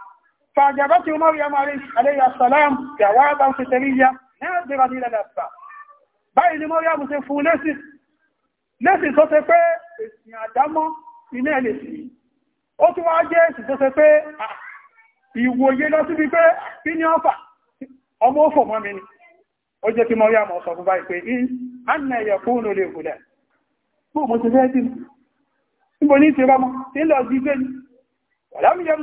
فأجابته مريم عليه السلام جوابا فتريا ناظرا إلى الأسباب báyìí ni mọ́ríàmù ṣe fún lẹ́sì lẹ́sì tó ṣe pé èsìn àdámọ́ iná ẹ̀lẹ̀ sí ó tún wá jẹ́ èsì tó ṣe pé ìwòye lọ sí wípé kí ní ọ́fà ọmọ òfò mọ́ mi ni ó jẹ́ kí mọ́ríàmù sọ fún báyìí pé ìhànnà ẹ̀yẹ̀ fún olè ìkùlẹ̀ Ìbò ní ti rọmọ, tí ń lọ gbígbé ni, wàlámi yẹ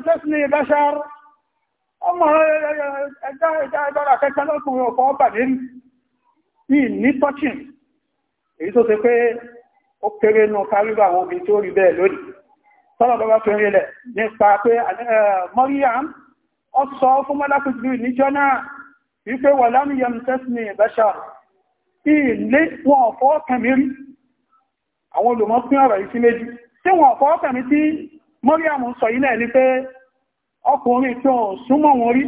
ọmọ ẹja ẹja ẹjọ́ra kẹta lọ́kùnrin ọ̀pọ̀ ọba ní ní tọ́chìn èyí tó ṣe pé ó kéré nù kárígbà àwọn obìnrin tí ó rí bẹ́ẹ̀ lónìí tọ́lọ̀ bọ́bá fi rí lẹ̀ nípa pé Maryam ọ sọ fún mọ́lákùnrin níjọ́ náà wípé wà lámìyàn tẹ́sìnì ìbẹ́ṣà ilé wọn ọ̀fọ́ kẹmí rí àwọn olùmọ́ pín ọ̀rọ̀ yìí sí méjì tí wọn ọ̀fọ́ kẹmí tí Maryam sọ yìí náà ní pé ọkùnrin tó súnmọ́ wọn rí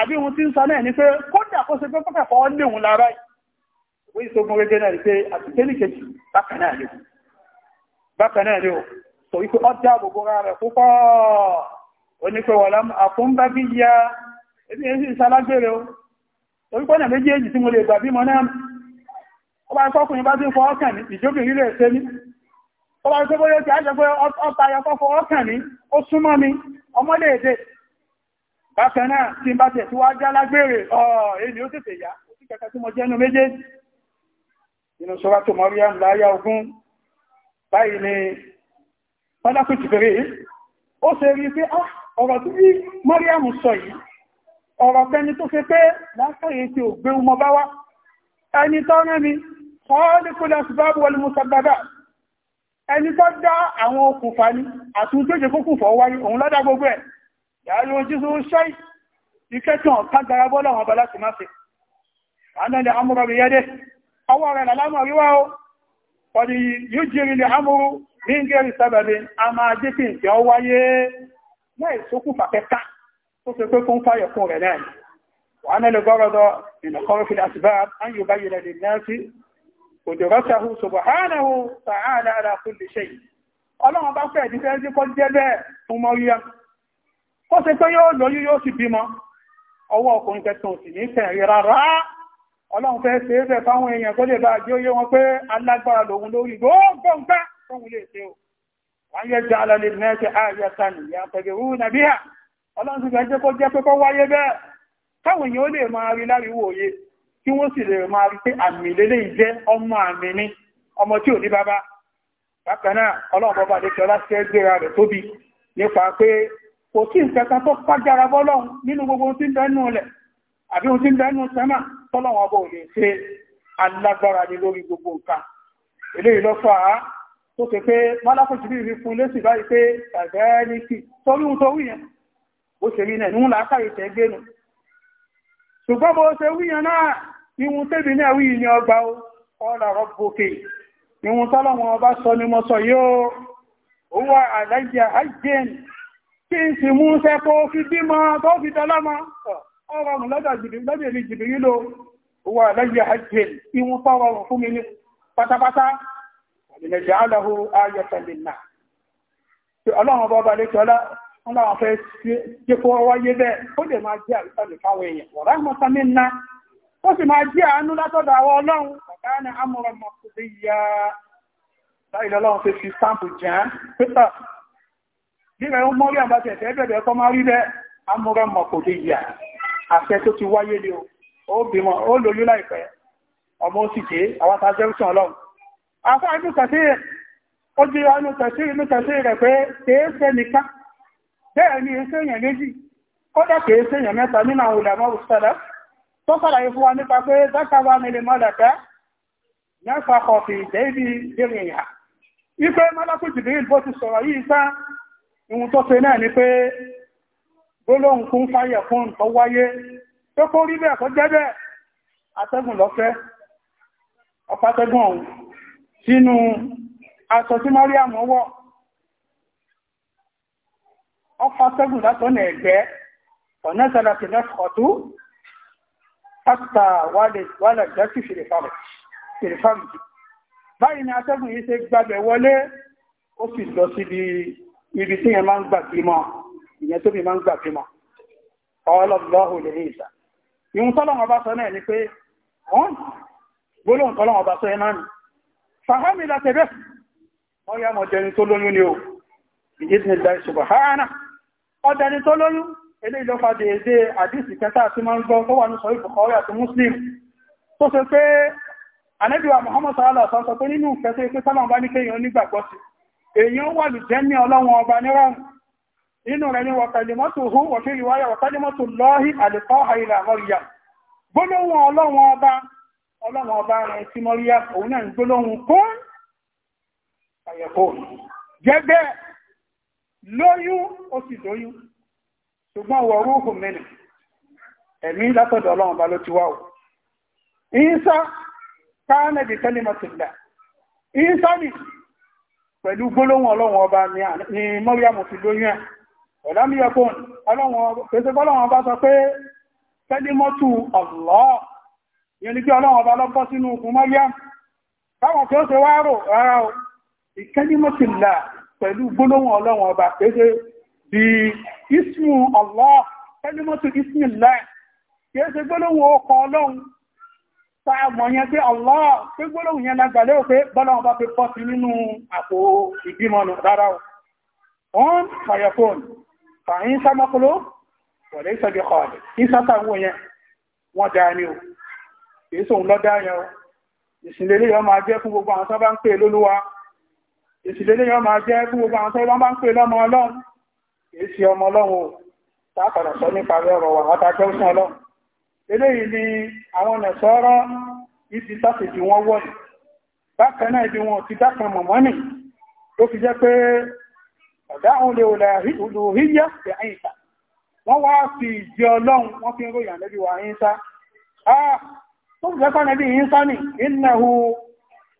àbí wọn tí ń sọ náà ní pé kódà kó ṣe pé pọ́pẹ̀pọ̀ léhun lára ìwé ìṣogun rẹ̀ náà rí pé àtìkélì kejì bákan náà ni ó sọ wípé ọjà gbogbo rẹ̀ púpọ̀ onípe wọ̀lá àkúnbá bí ya ebi èsì ìsálágbèrè o orúkọ náà méjèèjì tí mo lè gbà bímọ náà ó bá sọkùnrin bá ti fọ ọkàn ìjókòó ilé ọba tó bóyá ti àjọ pé ọta ayọkọ́fọ́ ọkàn ní ó súnmọ́ mi ọmọlé èdè bákan náà tí n bá tẹ̀ tí wá já lágbèrè èlì ó tètè yá ó sì kẹta tí mo jẹ́nu ni pálákù tìbèrè ó ṣe rí pé ah, ọ̀rọ̀ tí bí mọ́ríàmù sọ yìí ọ̀rọ̀ pẹni tó fẹ́ pé lákàyè tí ò gbé ọmọ bá wá ẹni tọ́rẹ́ mi kọ́ ẹni tó dá àwọn okùnfà ní àtún tó jẹ kókùnfà wáyé òun lọ́dá gbogbo ẹ̀ yàáyí ojú tó ṣẹ́ ìkẹ́tàn tágbàrá bọ́lọ̀ wọn bá láti máa fi àádọ́lẹ̀ amúrọ̀ bí yẹ́dẹ́ ọwọ́ rẹ̀ lálámọ̀ wíwá ó pọ̀dì yóò jẹ́rì lè amúrú ní gẹ́rì sábàbí a máa jẹ́ fi ìjẹ́ wáyé láì sókùnfà kẹta tó fi òdìrọ́sàhù subhanahu ta'ala ala kulli shay ọlọ́run bá fẹ́ ìdífẹ́ sí kọ́ jẹ́ bẹ́ẹ̀ fún mọ́ríyá ó ṣe pé yóò lóyún yóò sì bímọ ọwọ́ ọkùnrin kẹtùn sì ní tẹ̀rí rárá ọlọ́run fẹ́ ṣe é bẹ̀ fáwọn èèyàn lè bá jẹ́ oyé wọn pé alágbára lòun lórí gbogbo nǹkan o kí wọ́n sì lè máa rí pé àmì lélẹ̀ jẹ́ ọmọ àmì ní ọmọ tí ò ní bàbá bákanáà ọlọ́run bọ́bá lè tọ́lá sí ẹgbẹ́ra rẹ̀ tóbi nípa pé kò sí ìkẹta tó pàjára bọ́lọ́run nínú gbogbo ohun tí ń bẹ́nu lẹ̀ àbí ohun tí ń bẹ́nu sẹ́mà tọ́lọ́run ọba ò lè ṣe alágbára ní lórí gbogbo nǹkan eléyìí ló fà á tó ṣe pé mọ́lákùnrin bí ibi fún lẹ́sì báyìí pé tàbẹ́ẹ́lì sí torí ohun tó wù yẹn bó ṣe rí náà níwọ̀n làákàyè tẹ́gbẹ́nu ṣùgbọ́n bó ṣe wíyàn náà ihun tébì ní àwíyìn ni ọgbà ó ọ̀rọ̀ rọ́bùkè ihun tọ́lọ́wọ́n ọba sọ ni mo sọ yóò owó àlàyé àìjẹ́n kí n sì mú ṣe kó fi bímọ tó fi dọ́lọ́mọ ọ̀rọ̀ mú lọ́dọ̀ jìbìrì jìbìrì lò owó àlàyé àìjẹ́n ihun tọ́rọrùn fún mi ní pátápátá àdìmẹ̀jẹ̀ aláhù ayọ̀tẹ̀lẹ̀ náà ọlọ́run ọba ọba lẹ́kọ̀ọ́lá wọ́n láwọn fẹ́ jẹ́ kó wáyé bẹ́ẹ̀ ó lè máa jẹ́ àrísàlẹ̀ fáwọn èèyàn wọ̀rá mọ́sánmí ńlá ó sì máa jẹ́ àánú látọ̀dọ̀ àwọn ọlọ́run ọ̀gá ní amúrọ̀ mọ̀kúndé ya láìlọ́ ọlọ́run fẹ́ fi sáàpù jẹ́ pẹ́tà bí rẹ̀ ó mọ́rí àbájẹ̀ ẹ̀fẹ́ bẹ̀rẹ̀ ẹ̀kọ́ máa rí bẹ́ẹ̀ amúrọ̀ mọ̀kúndé ya àṣẹ tó ti wáyé ni ó bímọ ó lóyún láìpẹ́ ọmọ ó sì jẹ́ àwọn ta jẹ́rùsùn ọlọ́run afọ́ inú kẹsí ó jẹ́ inú kẹsí inú kẹsí rẹ̀ pé kèé fẹ́ nìkan bẹ́ẹ̀ ni èsè èèyàn méjì kọ́dà kì í sèèyàn mẹ́ta nínú àwọn olùdàmọ́ òṣèlú tó sàlàyé fún wa nípa pé dákàwà mi lè mọ́lẹ̀ká mẹ́fà kọfì débi dèrìyà ipe mọ́lákù jìbìrìl bó ti sọ̀rọ̀ yìí sá ìhun tó ṣe náà ni pé gbólóhùn kún fáyẹ̀ fún tó wáyé tó kó rí bẹ́ẹ̀ kó jẹ́ bẹ́ẹ̀ atẹ́gùn lọ́fẹ́ ọ̀pátẹ́gùn ọ̀hún sínú ọkọ̀ sẹ́gùn látọ̀nà ẹ̀gbẹ́ ọ̀nà sẹ́lá ti lẹ́kọ̀ọ́ tó pátá wàlẹ̀ jẹ́sì fèrèfàmù báyìí ni atẹ́gùn yìí ṣe gbàbẹ̀ wọlé ó sì lọ síbi ibi tí yẹn máa ń gbàgbìmọ̀ ìyẹn tó bí máa ń gbàgbìmọ̀ ọlọ́lọ́hùn lè ní ìsà ìhun tọ́lọ́wọ́ bá sọ náà ni pé wọ́n gbólóhùn tọ́lọ́wọ́ bá sọ ẹ náà ni fàhámi látẹ̀bẹ̀ wọ́n yá mọ̀ jẹni tó lóyún ni ó ìdí ti ní ìdáyé ṣùgbọ́n ọdẹni tó lóyún ilé ìlọ́fà dèédé àdísì kẹta tí máa ń gbọ́ tó wà ní sọ̀rọ̀ Bukhari àti Muslim tó ṣe pé anẹ́bíwà Muhammad sallallahu alaihi wasallam pé nínú ìfẹ́ tó pé sálọ̀ bá ní kéèyàn nígbàgbọ́ sí èèyàn wà lù jẹ́ ní ọlọ́run ọba nírọ̀rùn nínú rẹ̀ ni wọ̀kẹ̀lẹ̀mọ́tò hún wọ̀kí ìwáyà wọ̀kẹ̀lẹ̀mọ́tò lọ́hí àlẹ́kọ́ àìlà mọ́ríyà gbólóhùn ọlọ́run ọba ọlọ́run ọba rẹ̀ sí mọ́ríyà òun náà gbólóhùn kún àyẹ̀kọ́ jẹ́gbẹ́ lóyún ó sì lóyún ṣùgbọ́n wọ rúhùn mẹ́nì ẹ̀mí látọ̀dọ̀ ọlọ́run bá ló ti wá o ìsá káánẹ̀dì kẹ́límọ̀tìlá ìsá nì pẹ̀lú gbólóhùn ọlọ́run ọba ni mọ́ríàmù fi lóyún ẹ̀ ọ̀lámíyàkùn ọlọ́run ọba sọ pé kẹ́límọ̀tù ọ̀lọ́ ìyẹn ni pé ọlọ́run ọba lọ́pọ̀ sínú okùn mọ́ríàmù táwọn kí ó ṣe wá rárá o ìkẹ́límọ̀tìlá pẹ̀lú gbólóhùn ọlọ́run ọba pẹ́sẹ́ bí ismu Allah kalimatu ismillah kìí ṣe gbólóhùn ọkọ̀ ọlọ́run sáàmọ̀ yẹn pé Allah pé gbólóhùn yẹn lágbàlẹ́ òpé bọ́lọ́run bá fi pọ́ sí nínú àpò ìbímọ̀nù rárá on fayakun fàyín sámọ́kúló wọ̀lẹ́ ìsọ̀bí kọ̀ọ̀lẹ̀ ìsátà wọ́n yẹn wọ́n dáa ní o kìí sóhun lọ́dáa yẹn o ìsìnlélé yọ máa jẹ́ fún gbogbo àwọn sábà ń pè lólúwa ìsìlélé yọ máa jẹ́ fún gbogbo àwọn tó ń pè lọ́mọ ọlọ́run kìí ṣe ọmọ ọlọ́run tápàdà sọ nípa rẹ̀rọ wà látàjọ́ fún ọlọ́run eléyìí ni àwọn ọ̀nà sọ́rọ́ ibi sáfì tí wọ́n bákan náà ibi wọn ti dákan mọ̀mọ́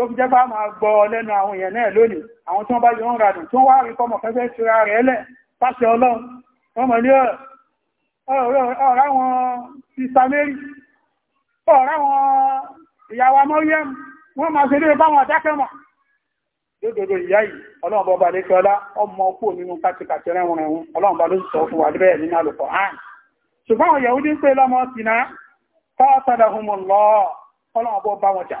tó fi jẹ́pá máa gbọ́ lẹ́nu àwọn èèyàn náà lónìí àwọn tí wọ́n bá yọ ń radùn tí wọ́n wá rí fọ́mọ̀ fẹ́fẹ́ síra rẹ̀ lẹ̀ pàṣẹ ọlọ́run wọ́n mọ̀ ní ọ̀rá wọn ti samẹ́rì ọ̀rá wọn ìyàwó amọ́yẹ́m wọ́n máa ṣe lórí báwọn àdákẹ́mọ̀ lódodo ìyá yìí ọlọ́run bọ́ba lẹ́kọ́lá ọmọ kú nínú kátìkàtì rẹ̀wọ̀n rẹ̀wọ̀n ọlọ́run bá ló sọ fún wa bẹ́ẹ̀ nínú àlùkò hàn ṣùgbọ́n àwọn yahudi ń pè lọ́mọ sínà kọ́ sọ́dọ̀ hùmọ̀ lọ́ọ́ ọlọ́run bọ́ bá wọn jà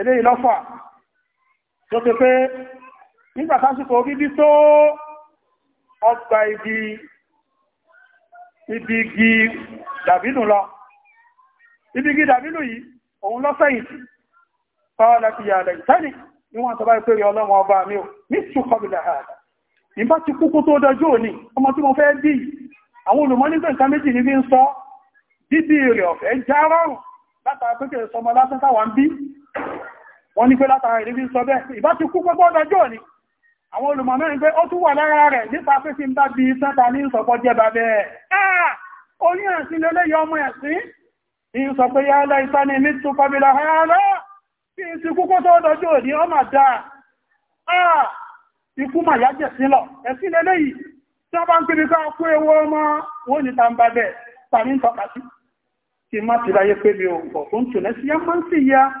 eléyìí lọ́fà tó ti pé nígbà tásìkò bíbí tó ọgbà ibi ibi igi dàbínú lọ ibi igi dàbínú yìí òun lọ́sẹ̀yìn tí pàwọ́lá ti yà lẹ́yìn tẹ́lì níwọ̀n tó bá pé rí ọlọ́run ọba mi ò ní ṣùkọ́bìlà ààrẹ ìbá ti kúkú tó dọjú òní ọmọ tí mo fẹ́ bí àwọn olùmọ́ nígbà nǹkan méjì ní bí ń sọ bíbí rẹ̀ ọ̀fẹ́ já rọrùn látàrí pé kèrè sọmọ lásán táwọn bí wọ́n ní pé látara ìrírí sọ bẹ́ ìbá ti kú pẹ́pọ́ ọdọjọ́ ni àwọn olùmọ̀ mẹ́rin pé ó tún wà lára rẹ̀ nípa pé tí ń bá bí sẹ́ta ní ìsọ̀pọ̀ jẹ́ bàbẹ́ ẹ̀ oyún ẹ̀sìn lélẹ́ yọ ọmọ ẹ̀sìn ní sọ pé yá ọlá ìsá ni mi tún kọbílà rárá kí n ti kúkú tó ọdọjọ́ òní ọ mà dáa ah ikú mà yá jẹ̀ sílọ̀ ẹ̀sìn lélẹ́ yìí tí wọ́n bá ń pèbí ká kú ewu ọmọ wọn ni ta ń bá bẹ́ẹ̀ tàbí ń tọ́ka sí kí má ti láyé pé mi ò pọ̀ tó ń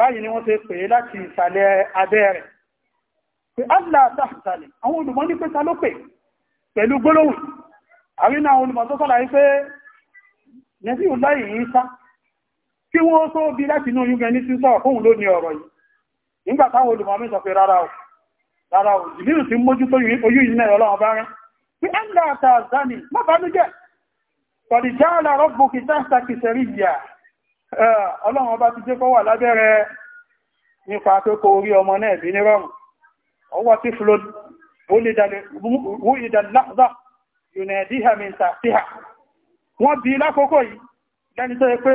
báyìí ni wọ́n ṣe pè é láti ìsàlẹ̀ abẹ́ rẹ̀ pé allah sáàtàlẹ̀ àwọn olùmọ̀ ní pẹ́ta ló pè pẹ̀lú gbólóhùn àrínà àwọn olùmọ̀ tó sọ́lá wípé nẹ́sí ìláyì yìí sá kí wọ́n tó bí láti inú yúgẹ ní sísọ́ fóun ló ní ọ̀rọ̀ yìí nígbà táwọn olùmọ̀ mi sọ pé rárá o rárá o jìbìrì ti mójú tó oyú yìí náà ọlọ́run bá rẹ́ pé allah sáàtàlẹ̀ má bá mi jẹ́ pọ̀dìjà àlàrọ̀ gbòkìtà sàkìsẹ̀rí yà ọlọ́run ọba ti jẹ́ kó wà lábẹ́rẹ́ nípa pé kó orí ọmọ náà bí ní rọrùn ọwọ́ tí flood wú ìdàláàzà yunadiha min tahtiha wọ́n bí lákòókò yìí lẹ́ni tó ṣe pé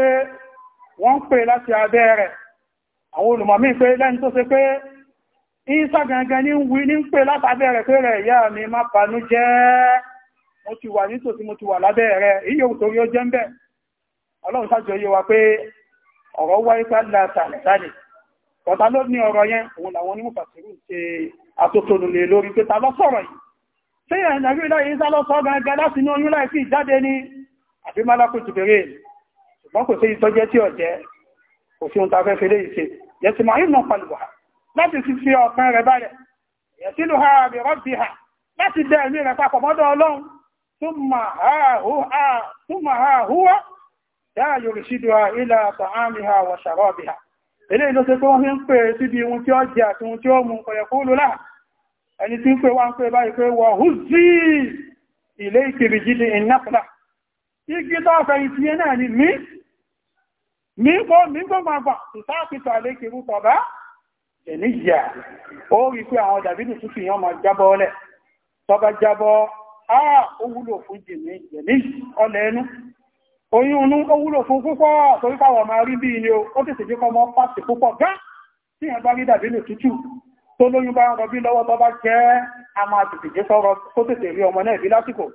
wọ́n ń pè láti abẹ́ rẹ̀ àwọn olùmọ̀mí pé lẹ́ni tó ṣe pé ìsá gangan ní wí ní ń pè láti abẹ́ rẹ̀ pé rẹ̀ ìyá mi má banú jẹ́ mo ti wà nítòsí mo ti wà lábẹ́ rẹ̀ ọlọ́run sájọ yé wa pé ọ̀rọ̀ wáyé pé láta àtàlẹ̀ ọ̀tá ló ní ọ̀rọ̀ yẹn òun làwọn onímọ̀ pàṣírù ṣe àtótónu lè lórí pé ta lọ sọ̀rọ̀ yìí ṣé yẹn nàbí láyé sá lọ sọ gangan láti ní oyún láì sí ìjáde ní àbí málákù jùbẹ̀rẹ̀ ṣùgbọ́n kò sí ìtọ́jẹ́ tí ọ̀jẹ́ kò sí ohun ta fẹ́ fi léyìí ṣe yẹ ti máa yìnbọn palùwà láti fi fi ọ̀kan rẹ̀ balẹ̀ yẹ sí lu ha àbí rọ́bì ha láti dẹ ẹ̀mí rẹ̀ papọ̀ mọ́dọ̀ ọlọ́run túmọ̀ ha hùwà dáa yóò ṣídò ilẹ̀ àtàámìhà wà ṣàrọ́bìhà ilé ìlú tó pé wọ́n fi ń pè síbi ohun tí ó jẹ àti ohun tí ó mú pẹ̀yẹ̀kú lólá ẹni tí ń pè wọ́n pè báyìí pé wọ́n hù sí ilé ìkìrì jíde ìnáfúlà igi tó fẹ́ oyún inú ó wúlò fún púpọ̀ torí káwọn máa rí bí ilé ó tètè jẹ́ kọmọ pàṣẹ púpọ̀ gán tí ẹ̀ bá rí dàbí lè tútù tó lóyún bá rọ bí lọ́wọ́ tó bá jẹ́ a máa tètè jẹ́ sọ́rọ̀ tó tètè rí ọmọ náà bí lásìkò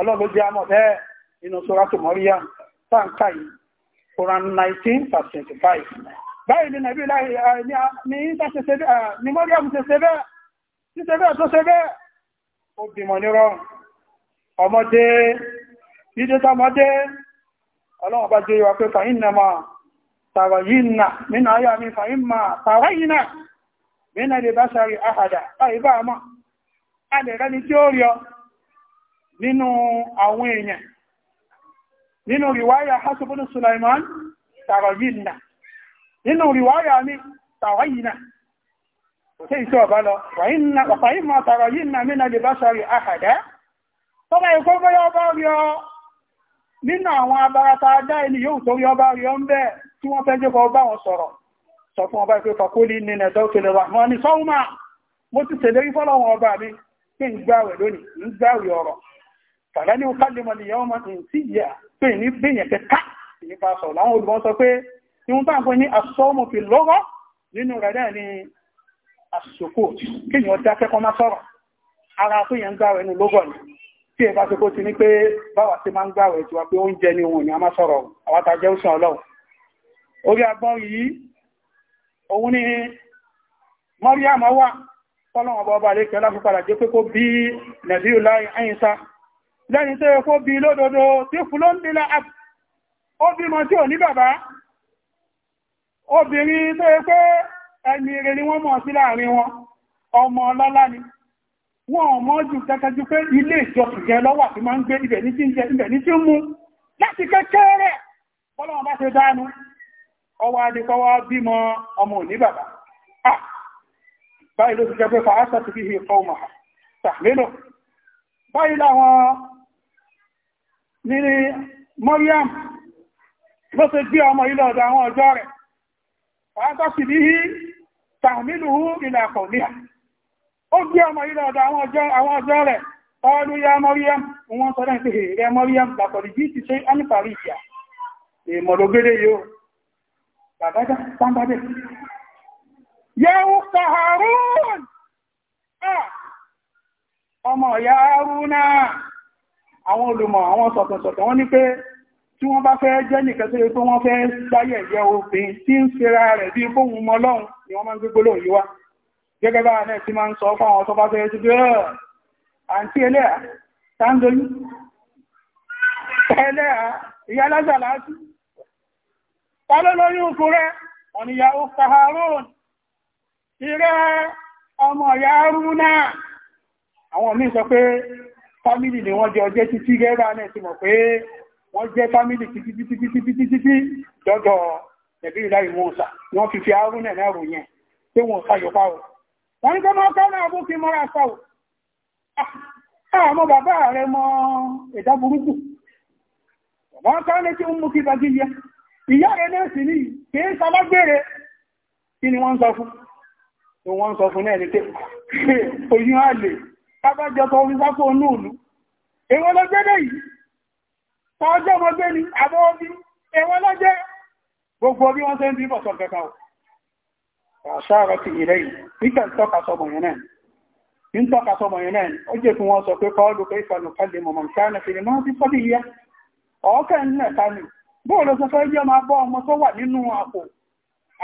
ọlọ́run ló jẹ́ àmọ̀ bẹ́ẹ̀ nínú Suratu Maryam táǹkà yìí Quran 19 verse 25 báyìí ni nàbí ní Maryam ṣe ṣe bẹ́ẹ̀ ṣe ṣe bẹ́ẹ̀ tó ṣe bẹ́ẹ̀ ó bímọ ọlọ́run bá jẹ́ ìwà pé fàyínà máa tàwàyínà nínú ayá mi fàyín máa tàwàyínà nínú ilé bá sáré àhàdà àìbá àmọ́ adẹ̀rẹ́ni tí ó rí ọ nínú àwọn èèyàn nínú ríwáyà hasubunu Sulaiman tàwàyínà nínú ríwáyà mi tàwàyínà òtẹ́ ìṣẹ́ ọ̀bá lọ fàyín tàwàyínà nínú ilé bá sáré àhàdà nínú àwọn abarata adá ẹni yóò torí ọba rí ọ ń bẹ́ tí wọ́n fẹ́ jẹ́kọ̀ọ́ bá wọn sọ̀rọ̀ sọ fún ọba ìpé fàkólì ní ẹ̀dọ́ kele wà ni ní sọ́wọ́mà mo ti tẹ̀lérí fọ́lọ́wọ́n ọba mi pé ń gbáwẹ̀ lónìí ń gbáwẹ̀ ọ̀rọ̀ tàbí ní kálímọ̀ ní yọ́mọ̀ tí yà pé ní bẹ́yẹn kẹta nípa sọ láwọn olùgbọ́n sọ pé ihun tá à ń ni àsìkò tí ẹ bá ṣe kó ti ní pé báwa ṣe máa ń gbàwẹ̀ tiwa pé oúnjẹ ni òun ni a máa sọ̀rọ̀ àwátà jẹ́ òṣàn ọlọ́run orí agbọ́n yìí òun ni Màríàmà wà tọ́lọ́wọ̀n bọ́ bá lékẹ́ láfúpadà jẹ́ pé kó bí nàbíù láì àyínsá lẹ́ni tó yẹ kó bí lódodo tí fún ló ń nílá app tí ò ní bàbá obìnrin tó yẹ pé ẹni rere ni wọ́n mọ̀ sí láàrin wọn ọmọ ọlọ́lá ni wọn mọ́ jù kẹ́kẹ́ jù pé ilé ìjọsìn jẹ lọ́wà tí máa ń gbé ibẹ̀ ní tí ibẹ̀ ní tí mú láti kẹ́kẹ́ bọ́lọ́wọ́n bá ṣe dánú ọwọ́ adìpọ́wọ́ bímọ ọmọ òní bàbá ah! báyìí ló ti jẹ́ pé ti fi hìkọ́ ọmọ tàmílò báyìí láwọn nílé Maryam ló ṣe gbé ọmọ ilẹ̀ ọ̀dọ̀ àwọn ọjọ́ rẹ̀ ti fi ó gbé ọmọ yìí lọ́dọ̀ àwọn ọjọ́ rẹ̀ ọdún ya Maryam wọn sọ náà pé rẹ Maryam bàkọ̀lì jí ti ṣe ánìfàrí ìyà èmọ̀lógédé yóò bàbájá sáńbádé yẹ́wù kàhàrún ọmọ ìyá Hárúnà àwọn olùmọ̀ àwọn sọ̀tọ̀sọ̀tọ̀ wọ́n ní pé tí wọ́n bá fẹ́ jẹ́ nìkan tó yẹ pé wọ́n fẹ́ sáyẹ̀ ìyẹ́ obìnrin tí ń fẹ́ra rẹ̀ bí fóhun mọ́lọ́run ni wọ́n máa ń gbégbólóhùn yíwá gẹ́gẹ́ bá náà ti máa ń sọ fún àwọn tó bá bẹ́ẹ̀ ti bẹ́ẹ̀ àǹtí ẹlẹ́à tàǹdóyún ẹlẹ́à ìyá lázàlá sí tàlọ́lọ́yún fún rẹ̀ ọ̀nìyà ó kàhàrùn ìrẹ́ ọmọ ìyá rúnà àwọn míì sọ pé fámílì ni wọ́n jẹ ọjẹ́ títí gẹ́gẹ́ bá náà ti mọ̀ pé wọ́n jẹ́ fámílì títí títí títí títí dọ́dọ̀ ẹ̀bí ìlà ìmúnsà wọ́n fi fi àrùn náà rò yẹn pé wọ́n sáyọpá rò wọ́n ní kọ́mọ́ kọ́nà àbúkí mọ́ra sọ́wọ́ ọmọ ah, bàbá rẹ̀ mọ́ ẹ̀dá burúkú wọ́n kọ́nà tí ó mú kí bàjí yẹ ìyá rẹ̀ náà sì ní kìí sálágbére kí ni wọ́n sọ fún tó wọ́n sọ fún náà ní pé oyún àlè tábájọ tó fi sápò núùlù èwo ló gbẹ́dẹ̀ yìí tọ́jọ́ mọ́gbẹ́ ni àbọ́ bí èwo ló jẹ́ gbogbo bí wọ́n ṣe ọ̀ṣáàrọ̀ ti ilẹ̀ yìí ihe. ń tọ́ka sọmọ yẹn náà ń tọ́ka sọmọ yẹn náà ó jẹ́ fún wọn sọ pé kọ́ọ̀lù pé ìfàlù kálẹ̀ mọ̀mọ̀ sáànà fèrè máa ni máa bọ́ ọmọ tó nínú àpò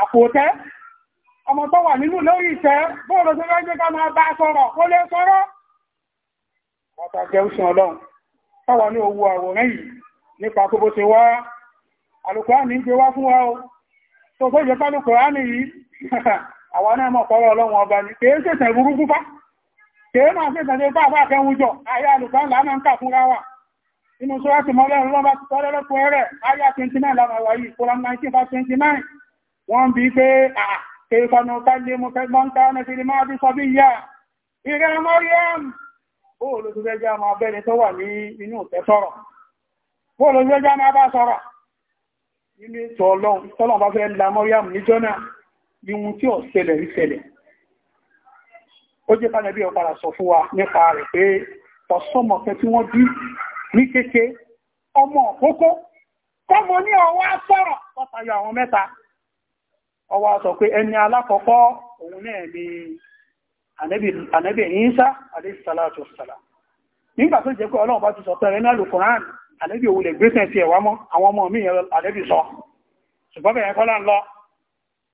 àpò tẹ́ ọmọ tó nínú lórí ìtẹ́ máa bá sọ̀rọ̀ ìjẹ́ yìí àwọn náà mọ̀ pọ̀rọ̀ ọlọ́run ọba ni kèé sẹ̀sẹ̀ burúkú bá kèé máa sẹ̀sẹ̀ tó bá bá fẹ́ wùjọ ayé alùpàá lánà ń kà fúnra wà inú sọ́rọ̀sì mọ́lẹ́rùn lọ́ba ti sọ́rọ̀ lọ́pọ̀ ẹ̀rẹ̀ ayé 29 lára wà yìí kóra 1929 wọ́n bí pé àkèéfọ́nù kálé mú fẹ́ mọ́ńtà ọ̀nà ti di máa bí sọ bí ìyá ìrẹ́ mọ́ríẹ́m bóòlù tó fẹ́ jẹ́ ọmọ abẹ́ni tó wà ní inú ìfẹ́ sọ̀rọ̀ bóòlù tó fẹ́ jẹ́ ọmọ abá sọ̀rọ̀ nínú ètò ọlọ́run tọ́lọ̀ bá fẹ́ bí ohun tí ó ṣẹlẹ̀ rí ṣẹlẹ̀ ó jẹ́ ká lẹ́bí ọ̀padà sọ fún wa nípa rẹ̀ pé tọ̀sọ́mọ̀kẹ́ tí wọ́n bí ní kéke ọmọ òkókó kọ́mọ ní ọwọ́ sọ̀rọ̀ pọ́tayọ àwọn mẹ́ta ọwọ́ sọ pé ẹni alákọ̀ọ́kọ́ òun náà ni ànábì Ìsá alayhi salatu wassalam nígbà tó jẹ́ pé ọlọ́run bá ti sọ pẹ́rẹ náà lùkùnrán ànábì òun lè gbé sẹ́ǹtì ẹ̀wà mọ́ àwọn ọmọ mi ànábì sọ ṣùgbọ́n bẹ̀rẹ̀ kọ́lá ń lọ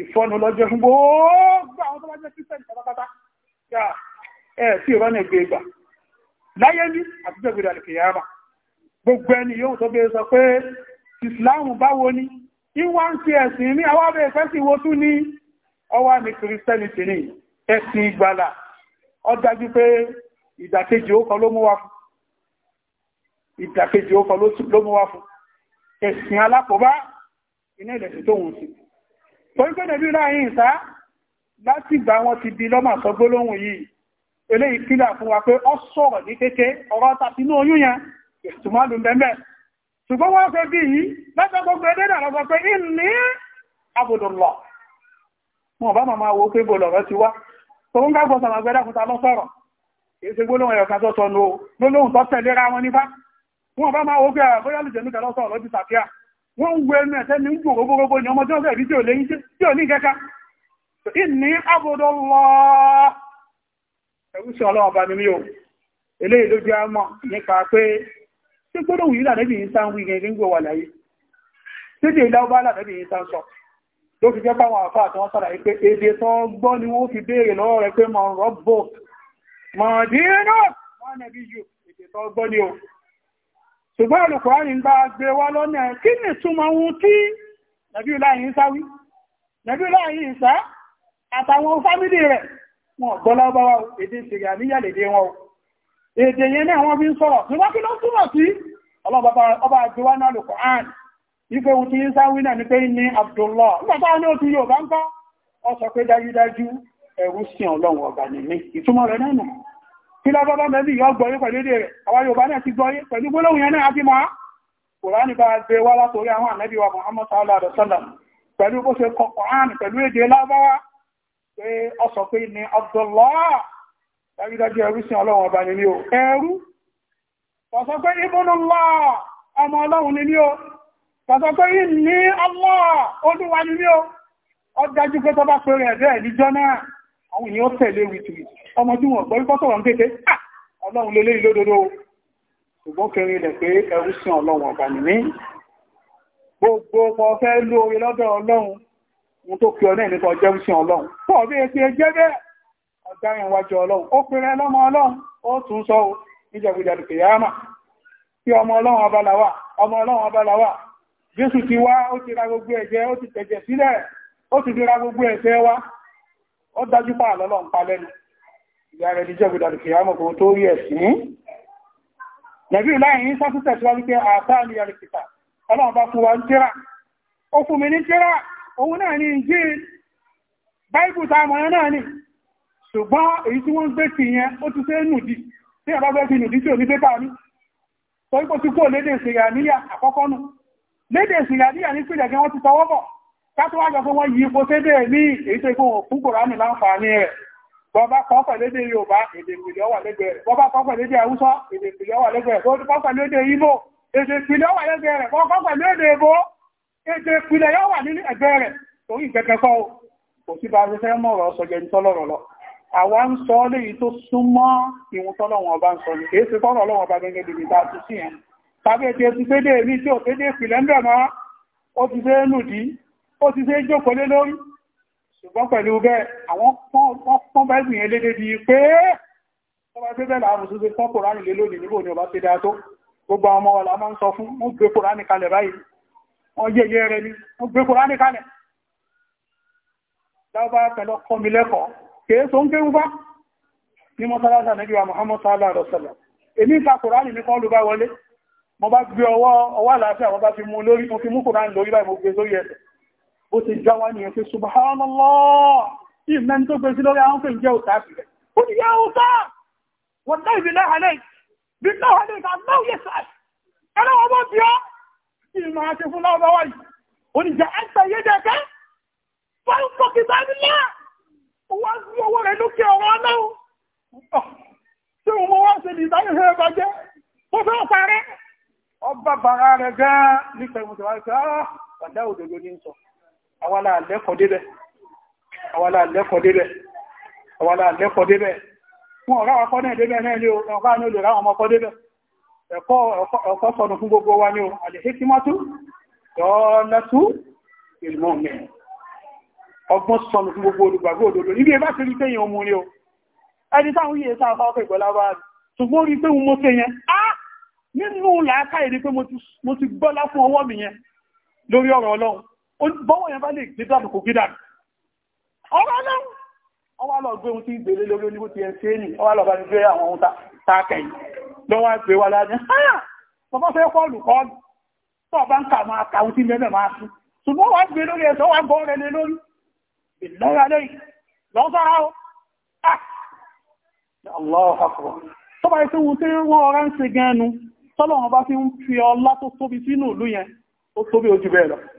ìfọ́nù lọ́jọ́ fún gbogbo àwọn tó bá jẹ́ kírísítẹ́nì pátápátá ẹ̀ tí ìrọ́nà ìgbé ìgbà láyé ní àtijọ́ ìgbèrè àlùkìyàmà gbogbo ẹni yóò tó bèèrè sọ pé ìsìláàmù báwo ni ìwà ń ti ẹ̀sìn ní àwọn abẹ́ ìfẹ́ sí wo tún ní ọwá ní kìrìsìtẹ́nìtì ní ẹ̀sìn ìgbàlà ó dájú pé ìdàkejì ó kọ ló mú wá fún ìdàkejì ó kọ ló mú wá fún ẹ̀sìn alákòbá iná ilẹ̀ tó wùn sí torípé nàbí láàrin ìta láti gbà wọn ti di lọ́mà sọ gbólóhùn yìí eléyìí kílà fún wa pé ọ sọ̀rọ̀ ní kéke ọ̀rọ̀ tàbínú oyún yẹn ìtumọ̀lù bẹ́ẹ̀ ṣùgbọ́n wọ́n fẹ́ bí yìí lọ́sọ gbogbo ẹdẹ́ náà lọ́sọ pé ìní abùdùlọ̀ wọn bá máa wo pé ah, bò lọ̀rọ̀ ti wá tó ń gbàgbọ́ sọ̀rọ̀ gbẹ́dà fún ta lọ́sọ̀rọ̀ èyí ṣe gbólóhùn ẹ̀yọ̀kan tó sọnù o gbólóhùn tó tẹ̀léra wọn nípa wọn bá máa wo pé àbóyá lùjẹ̀mí kan lọ́sọ̀rọ̀ lọ́jú sàkíyà wọ́n ń wo ẹnu ẹ̀sẹ́ ní ń jù ogógógó ní ọmọ tí wọ́n fẹ́ẹ̀rí tí ò léyìn tí ò ní kẹ́kẹ́ ìní àbòdó lọ ẹ̀rúsí ọlọ́run bá mi o eléyìí ló jẹ́ mọ̀ nípa pé tí gbọ́dọ̀ wù yílà lẹ́bìí sáà ń wí gẹ́gẹ́ ń gbò wà láyé tí èdè ìlà ọba lẹ́bìí sáà ń sọ ló fi jẹ́ báwọn àfáà tí wọ́n sọ̀rọ̀ pé èdè tó gbọ́ ni wọ́n fi béèrè lọ́wọ́ rẹ̀ pé mọ̀ rọ́bọ̀ mọ̀ dínà wọ́n nẹ̀bí yù èdè tó gbọ́ ni o ṣùgbọ́n olùkọ́rin bá gbé wá lọ́nà kí ni túnmọ̀ ohun tí nàbí láàrin sáwí nàbí láàrin ìsá àtàwọn fámílì rẹ̀ wọn gbọ́lábáwá èdè ìsìnkà níyàlèdè wọn èdè yẹn náà wọ́n fi ń sọ̀rọ̀ ṣùgbọ́n kí ló túnmọ̀ sí ọba àgbéwá náà olùkọ́rin ife ohun tí ń sáwí náà ní pé ní Abdullah nígbàtá ní ó ti yóò bá ń kọ́ ọ sọ pé dájúdájú ẹ̀rú sí ọlọ́run ọ̀gbà nìmi ìtumọ̀ rẹ̀ náà tí lábábá mẹ́bí yọ gbọ́yé pẹ̀lú èdè rẹ̀ àwọn Yorùbá náà ti gbọ́yé pẹ̀lú gbólóhùn yẹn náà fi máa Kùránì bá gbé wá látòrí àwọn ànábì wa Muhammad sallallahu alaihi wasallam pẹ̀lú bó ṣe kọ Kùránì pẹ̀lú èdè lábáwá pé ọ sọ pé ní Abdullah dájúdájú ẹrú sí Ọlọ́run ọba ni mí o ẹrú tọ̀sọ pé ibùnúlá ọmọ Ọlọ́run ni mí o tọ̀sọ pé Allah olúwa ni mí o ọ dájú pé tọ́ bá pẹ̀rẹ̀ ẹ̀dẹ́ àwọn èèyàn tẹ̀lé wìtìwì ọmọ tí wọ́n gbọ́rí kọ́sọ̀rọ̀ ń kéte ah! ọlọ́run lélẹ́ ìlódodo ṣùgbọ́n kẹrin ilẹ̀ pé ẹrú sí ọlọ́run ọ̀gbà nìní gbogbo ọmọ fẹ́ lóore lọ́dọ̀ ọlọ́run ohun tó fi ọ̀nà ìnípa ọjọ́ sí ọlọ́run pọ̀ bí etí ẹjẹ́ bẹ́ẹ̀ ọ̀gá ìwájú ọlọ́run ó pèrè lọ́mọ ọlọ́run ó tún sọ ó níjọba kìyàmà kí ọmọ ọlọ́run ọba làwà ọmọ ọlọ́run ọba làwà Jésù ti wá ó ti ra gbogbo ẹ̀jẹ̀ ó ti tẹ̀jẹ̀ sílẹ̀ ó ti dira gbogbo ẹ̀ṣẹ̀ wa ó dájú pà lọ́lọ́ ń pa lẹ́nu ìyá rẹ̀ ní jẹ́gbẹ̀dà lè fìyà mọ̀ kò tó rí ẹ̀sìn hmm? nàbí láàrin sá tún tẹ̀síwájú pé àtà ní alìkìtà ọlọ́run bá fún wa ń tíra ó fún mi ní tíra òun náà ní ìjí báìbù tá a mọ̀ náà ní ṣùgbọ́n èyí tí wọ́n ń gbé sí yẹn ó ti fẹ́ nùdí tí ẹ̀bá bẹ́ fi nùdí tí ò ní pépà ní torí kó ti kó lédè sìrìàníyà àkọ́kọ́ nù lédè sìrìàníyà ní pèlè gẹ́ wọ́n ti tọwọ́ bọ̀ kátọ́wàjọ fún wọ́n yí ipò sédè ní ètò ikú fún kòránì láǹfààní rẹ̀ bọ́bá kọ́ Yorùbá èdè ìpìlẹ̀ ọwà lẹ́gbẹ̀ẹ́ rẹ̀ bọ́bá kọ́ pẹ̀lédè èdè ìpìlẹ̀ ọwà lẹ́gbẹ̀ẹ́ rẹ̀ bọ́bá kọ́ pẹ̀lédè èdè ìpìlẹ̀ ọwà lẹ́gbẹ̀ẹ́ rẹ̀ ẹgbẹ́ rẹ̀ tó ó ti ṣe jókòó lé lórí ṣùgbọ́n pẹ̀lú bẹ́ẹ̀ àwọn pọ́n báìbù yẹn lédè di pé wọ́n bá gbé bẹ́ẹ̀ láàrùn tó ṣe pọ́n kòránì lé lónìí níbo ni ọba ti dáa tó gbogbo àwọn ọmọ wa la máa ń sọ fún wọ́n gbé kòránì kalẹ̀ báyìí wọ́n yẹ̀yẹ́ rẹ ni wọ́n gbé kòránì kalẹ̀ láwọ́bá pẹ̀lọ kọ́ mi lẹ́kọ̀ọ́ kèé tó ń ní mo bá gbé ọwọ́ ọwọ́ wọ́n bá fi mú lórí mo fi mú kòránì lórí báyìí mo gbé sórí ẹsẹ̀ ó ti já wá ní ẹ̀fẹ́ subhanallah ìmẹ́ni tó gbé sí lórí àwọn fèèjì òtà fìlẹ̀ ó ti yá òtà wọ́n dá ìbílẹ̀ hàlẹ́ ìbílẹ̀ hàlẹ́ ìgbà yẹ sáà ẹ̀rọ ọmọ bí ọ́ ìmọ̀ àti fún lọ́wọ́ wáyé ó ti jẹ́ ẹ̀sẹ̀ yé dẹ̀kẹ́ fọ́nkọ̀ kìtà nílẹ̀ wọ́n sí owó rẹ̀ lókè ọ̀rọ̀ náà tí ah, òun wọ́n ṣe lè dáyé àwálà lẹ́kọ̀ọ́ débẹ̀ àwálà lẹ́kọ̀ọ́ débẹ̀ àwálà lẹ́kọ̀ọ́ débẹ̀ fún ọ̀rá wa kọ́ náà débẹ̀ náà ní ọ̀rá ní olè ráwọn ọmọ kọ́ débẹ̀ ẹ̀kọ́ sọnù fún gbogbo wa ní o àlèhékímọ́tú lọ́lọ́tú ìlmọ̀ mi ọgbọ́n sọnù fún gbogbo olùgbàgbọ́ òdodo níbi ẹbá ti rí pé yẹn omori o ẹni táwọn yìí sáà fáwọn pẹ̀gbọ́ lábá ṣùgbọ́n rí pé mo ṣe yẹn á nínú làákàyè ni pé mo ti gbọ́lá fún ọwọ́ mi yẹn lórí ọ̀rọ̀ Ọlọ́run bọ́wọ́ yẹn bá lè gbé dànù kò gbé dànù ọwọ́ náà ọwọ́ lọ gbé ohun tí gbèrè lórí oníwó ti ẹ̀ ṣe é nì ọwọ́ lọ bá ní gbé àwọn ohun tààkẹ̀yìn lọ́wọ́ gbé wà láàrin bàbá fẹ́ kọlù kọlù tó ọba ń kà máa kà ohun tí mẹ́mẹ́ máa sùn ṣùgbọ́n wà gbé lórí ẹ̀sọ́ wà gbọ́ rẹ̀ lórí ìlọ́ra lẹ́yìn lọ́sọ́ra ó tó bá ẹsẹ́ wọn tí wọ́n ọ̀rá ń ṣe gan-an nu tọ́lọ́wọ́n bá fi ń fi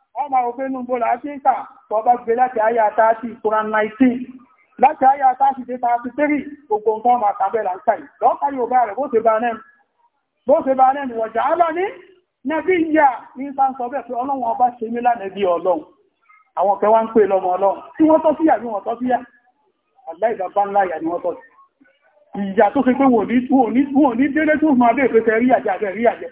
ọmọ òfin ní gbọ́lá áfíríkà tó bá gbé láti àyà 30 Quran 19 láti àyà 30 dé 33 gbogbo nǹkan ọmọ àtàbẹ̀ làǹkàì lọ́ọ̀ká yóò bá rẹ̀ bó ṣe bá nẹ́m bó ṣe bá nẹ́m wọ̀jà á lọ ní nẹ́bí ìyá ní sáńsọ bẹ́ẹ̀ pé ọlọ́run ọba ṣe mí lánàbí ọlọ́run àwọn kẹwa ń pè lọmọ ọlọ́run tí wọ́n tọ́ síyà ní wọ́n tọ́ síyà aláìbàbá ńlá ìyà ni wọ́n tọ́ sí ìyà tó fi pé wọ́n ní dédé tó máa bẹ́ẹ̀ pẹ́sẹ̀ rí àjẹ́ àjẹ́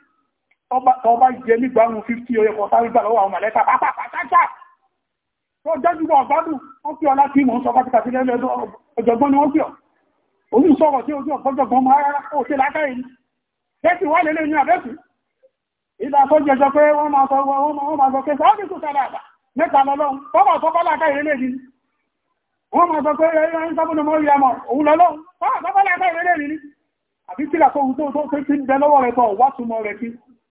ọba jẹ nígbàrún 50 ọyẹ kọ̀ sáré gbà lọ́wọ́ àwọn mọ̀lẹ́ta pápápátá tó jẹ́jú bọ̀ ọ̀gbádùn wọ́n pí ọlá tí mò ń sọ pátákà sí lẹ́lẹ́ ọjọ́gbọ́n ni wọ́n pí ọ̀ òun sọ̀rọ̀ tí ojú ọ̀gbọ́jọ̀gbọ́n máa rárá ó ṣe látà èyí tẹ́sì wà lélẹ́ ní àbẹ́sì ìlà tó jẹjọ pé wọ́n máa sọ wọ́n máa sọ pé sáàbì tó sára àbà mẹ́ta lọ́lọ́run tọ́bọ̀ tó bọ́lá ká ìrẹ́lẹ́ ni wọ́n máa sọ pé ẹ̀yọ́ ń sábọ́n mọ́ ìyàmọ̀ àbí kílà tó ń tó tó tó ti ń bẹ lọ́wọ́ rẹ̀ tọ́ wá túmọ̀ rẹ̀ sí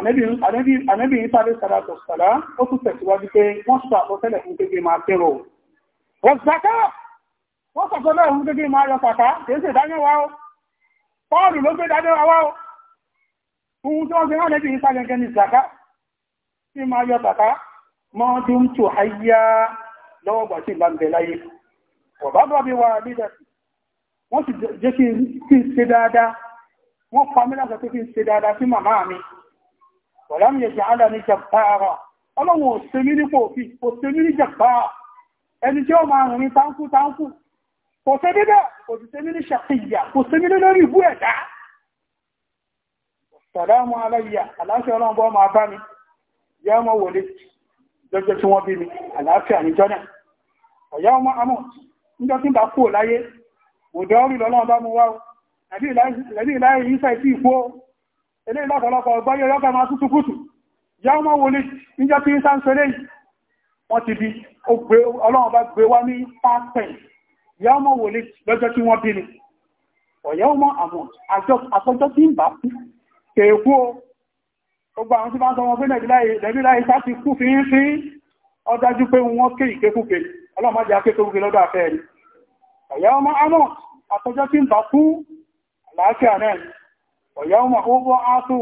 ànẹ́bí ìtàrí sàrátọ̀ sàrá ó tún tẹ̀síwájú pé wọ́n sọ àkọsẹ́lẹ̀ fún gẹ́gẹ́ máa tẹ́rọ wọ́n sàkà wọ́n sàkọsẹ́lẹ̀ fún gẹ́gẹ́ máa yọ sàkà kìí ṣe dáníwá ó pọ́ọ̀lù ló gbé dáníwá ó ohun tí wọ́n fi ránẹ́bí ìtàgẹ́gẹ́ ni sàkà tí máa yọ sàkà mọ́ tí ń tò háyá lọ́wọ́ gbà sí ìbámbẹ̀ láyé ọ̀bá bọ́ bí wà lídà wọ́n sì jẹ́ kí n ṣe dáadáa wọ́n pa mí láti pé kí n ṣe dáadáa sí màmá mi wọ̀lám yẹ jẹ́ àdá ní jàbára ọlọ́run òsèmí ní pòfí òsèmí ní jàbára ẹni tí ó máa rìn tánkù tánkù kò sé bíbẹ̀ kò ní ṣàkíyà kò sèmí ní lórí ìbú ẹ̀dá sàdámù aláyà aláṣẹ ọlọ́run máa bá mi yá ilé ìlọ́pọ̀lọpọ̀ ọgbọ́yọ́ yọ́gbà máa tútù kútù yá ọmọ wo ní ìjọ tí ń sáńsẹ̀lẹ̀ wọ́n ti bí ọlọ́run bá gbé wá ní pàpẹ̀ ni ọ̀yá ọmọ àmọ́ àpọ̀jọ́ tí ń bá kú kèèkú o gbogbo àwọn tí bá ń sọ wọn pé lẹ́bí láyé sá ti kú fi ń sí ọdájú pé wọ́n ké ìkékúke ọlọ́run má jẹ́ náà ọ̀yá ọmọ ọgbọ́ átò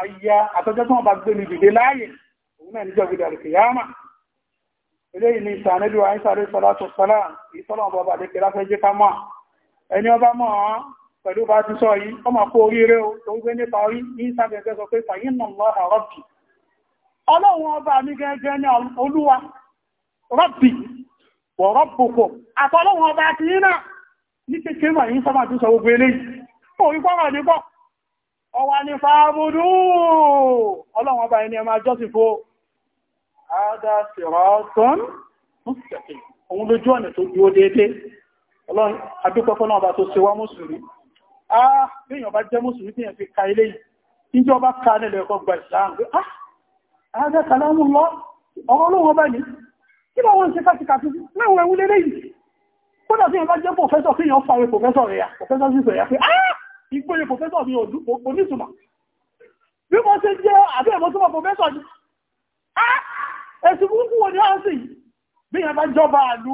ayá àtọ́jọ́ tó wọ́n bá gbé ní dìde láàyè òun náà níjọ́ gbìdà rẹ̀ kìyàmà eléyìí ni ìsànẹ́lú àìsàrẹ́ sọ́látò sọ́lá ìsọ́lá ọba bàdé kẹlá fẹ́ jẹ́ ká mọ́ ẹni ọba mọ́ ọ́ pẹ̀lú bá ti sọ yìí ọmọ kó oríire o tó gbé nípa orí ní ìsàgẹ̀gẹ́ sọ pé fàyín nà lọ àrọ́bì ọlọ́run ọba mi gẹ́gẹ́ ní olúwa rọ́bì wọ̀ rọ́bùkù àtọ́lọ́run ọba ti yín náà ní ọwà ní fàábùdú ọlọ́run ọba ẹni ẹmà jọ́sìn fó àádá sìrọ́tún òun lójú ọ̀nà tó dúó déédé ọlọ́run adúpẹ́ fọ́nà ọba tó ṣe wá mùsùlùmí ah bí èèyàn bá jẹ́ mùsùlùmí tí èèyàn fi ka ilé yìí níjọ́ bá ka nílẹ̀ ẹ̀kọ́ gba ìsìláàmù pé ah àádá kàlámù lọ ọ̀rọ̀ ọlọ́run ọba ní kí lọ wọ́n ṣe kàtìkàtì mẹ́wọ̀n ẹ̀wú lélẹ́yìn kódà tí èèyàn bá jẹ́ pòfẹ́sọ̀ kí èèyàn fa pòfẹ́sọ̀ rẹ̀ pòfẹ́sọ̀ sí sọ̀rẹ̀ pé ah ìgbóyè pòfẹ́sọ̀ mi onítùmọ̀ bí mo ṣe jẹ́ àbí ẹ̀mọ́ tó mọ̀ pòfẹ́sọ̀ ni ẹ̀sùn burúkú wo ni wọ́n sì bí yẹn bá jọba àlú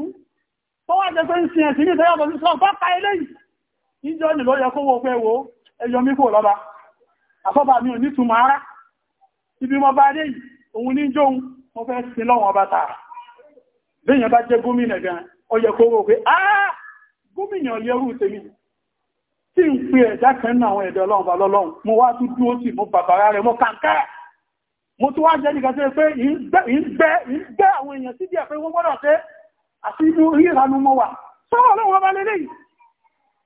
tó wá jẹ́ pé ń sin ẹ̀sìn ní ìtẹ́yàbọ̀ sí sọ́ọ̀ bá pa eléyìí ìjọ ni ló yẹ kó wo pé wo ẹyọ mi kò lọ́ba àfọ́bà mi ò ní túmọ̀ ara ibi mo bá dé yìí òun ní jóun mo fẹ́ sin lọ́wọ́n ọba tààrà bí yẹn bá jẹ́ gómìnà gan ó yẹ kó wo pé ah gómìnà yẹrù tèmi tí ń pe ẹ̀dá kan náà àwọn ẹ̀dá ọlọ́run bá lọ́lọ́run mo wá tún dúró sí mo bàbàrà rẹ̀ mo kàǹkà mo tún wá jẹ́ nìkan tí pé ìgbẹ́ àwọn èèyàn sí díẹ̀ pé wọ́n gbọ́dọ̀ tẹ́ àti inú ríranú mọ́ wà sọ́rọ̀ ọlọ́run ọba lélẹ́ yìí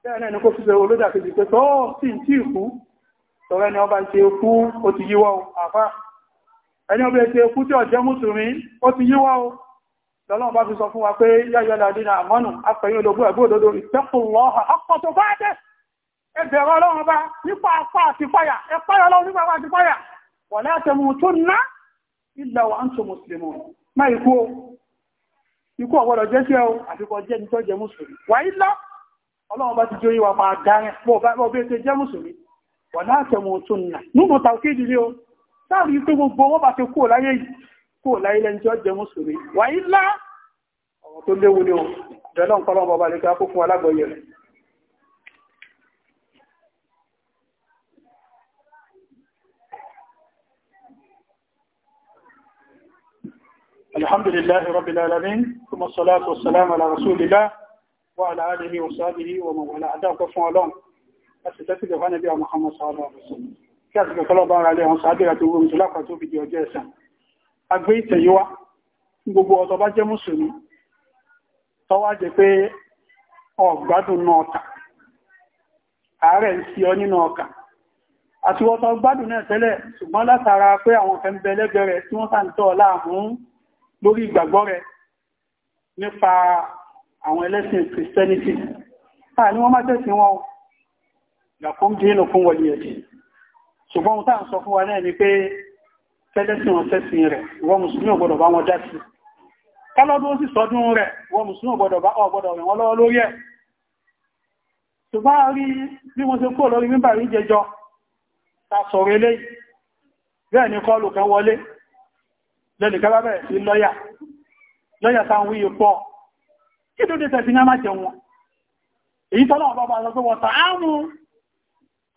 bẹ́ẹ̀ náà ni kó fífẹ́ olódà kejì pé tọ́ sí tí ìkú tọ́rẹ́ ni ọba ṣe kú ó ti yíwọ́ àfá ẹni ọba ṣe kú tí ọjẹ́ mùsùlùmí ó ti yíwọ́ lọ́lọ́run bá fi sọ fún wa pé yáyọ́ ládínà àmọ́nù apẹ̀yìn ológun ẹ̀gbọ́ òdodo ìtẹ́kùnlọ́ àkọ́tọ̀ bá dẹ̀ ẹgbẹ̀rọ ọlọ́run bá nípa apá àti fáyà ẹ̀páyà ọlọ́run nípa apá àti fáyà wà látẹ̀mù tó ná illa wa antum muslimun má ikú o ikú ọ̀gbọ́dọ̀ jẹ́ sí ẹ o àfikọ́ jẹ́ ní tó jẹ́ mùsùlùmí wà ilá ọlọ́run bá ti jó yíwa pa dárin bó bá bẹ́ẹ̀ tẹ jẹ́ mùsùlùmí wà látẹ̀mù tó ná nínú tàwùkéjì ni o sáàrí pé gbogbo owó bá ti kú láyé yìí kú láyé lẹ́ni tó jẹ́ mùsùlùmí wà ilá ọ̀rọ̀ tó léwu ni o bẹ́ẹ̀ lọ́nkọ́ lọ́wọ́ bàbá lè ká kó fún alágbọ̀yẹ̀ rẹ̀ الحمد لله رب العالمين ثم الصلاة والسلام على رسول الله وعلى آله وصحبه ومن على أعداء كفوا لهم أستاذ جوهان بها محمد صلى الله عليه وسلم كاتب كلا بار عليه صحابي أتوب مطلقة توب ديو جيسا أقوي تيوا gbogbo ọ̀tọ̀ bá jẹ́ في tó wá jẹ́ pé ọ̀gbádùn náà ọ̀tà ààrẹ ń sí ọ nínú ọkà àti wọ́tọ̀ gbádùn náà lórí ìgbàgbọ́ rẹ̀ nípa àwọn ẹlẹ́sìn Christianity táà ní wọ́n má tẹ́sí wọn làkún dínú fún wọlé ẹ̀sìn ṣùgbọ́n ohun ń sọ fún wa náà ni pé tẹ́lẹ́sìn wọn tẹ́sìn rẹ̀ wọ́n mùsùlùmí ọgbọ́dọ̀ bá wọn dá sí kálọ́dún sì sọdún rẹ̀ wọ́n mùsùlùmí ọgbọ́dọ̀ bá ọgbọ́dọ̀ rẹ̀ wọ́n lọ́wọ́ lórí ẹ̀ ṣùgbọ́n rí bí wọ́n ṣe kúrò lórí mímbà jẹjọ ta sọ̀rọ̀ eléyìí bẹ́ẹ̀ ni kọlù kan wọlé lẹ́nì ká bá bẹ̀rẹ̀ sí lọ́yà lọ́yà táwọn wíyẹ pọ̀ kí tó dé tẹ̀sí ní a máa jẹun wọn èyí tọ́lá ọ̀bá bá sọ pé wọ́n ta áàmù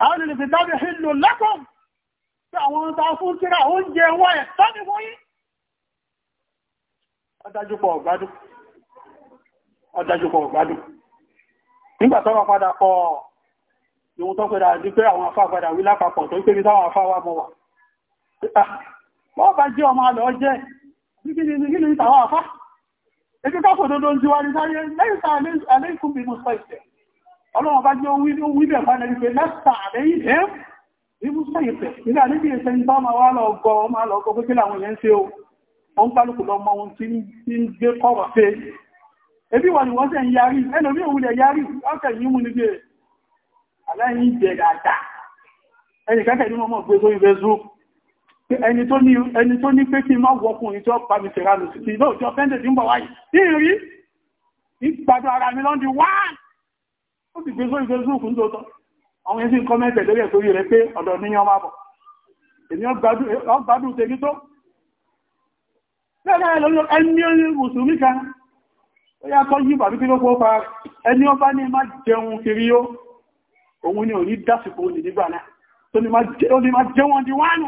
àwọn olùfẹ́ tábí hìlò lẹ́kọ̀ọ́ tí àwọn ohun ta fún kíra oúnjẹ wọ́ ẹ̀ tọ́ni fún yí ọdájúpọ̀ ọ̀gbádùn ọdájúpọ̀ ọ̀gbádùn nígbà tọ́rọ padà pọ̀ ìwọ̀n tó pẹ̀lú àdí pé àwọn afá padà wí lápapọ̀ tó ń pè ní táwọn wọ́n bá jẹ́ ọmọ alọ́ jẹ́ gígínigíní ìtàwà àfá ètí kápò tó dóń jíwá ní sáyé lẹ́yìnta aléìkún bí musa ìfẹ́ ọlọ́wọ́n bá jẹ́ wíbẹ̀ fánà wípé pé kí làwọn yẹn ṣe o wọ́n kálùkù kẹ́kẹ́ ní mọ́mọ́ gbé sórí facebook ẹni tó ní pé kí máa wọkùnrin tó pàmì tẹ̀ránù sí ti lóòjọ́ fẹ́ndẹ̀ tí ń bọ̀ wáyìí ìrí ìgbàjọ ara mi lọ́ndí wáàn ó sì gbé sórí gbésù fún tó tọ́ àwọn ẹ̀sìn kọ́mẹ́ntẹ̀ lórí ẹ̀tórí rẹ̀ pé ọ̀dọ̀ ní ọmọ àbọ̀ èmi ọgbádùn tẹ́bí tó lẹ́nà ẹ̀lọ́lọ́ ẹni mùsùlùmí kan ó yá kọ́ yí bàbí kíló fọ́fà ẹni ọba ní má jẹun kiri yó òun ni ò ní dásìkò òní nígbà náà tó ní má jẹun di wánù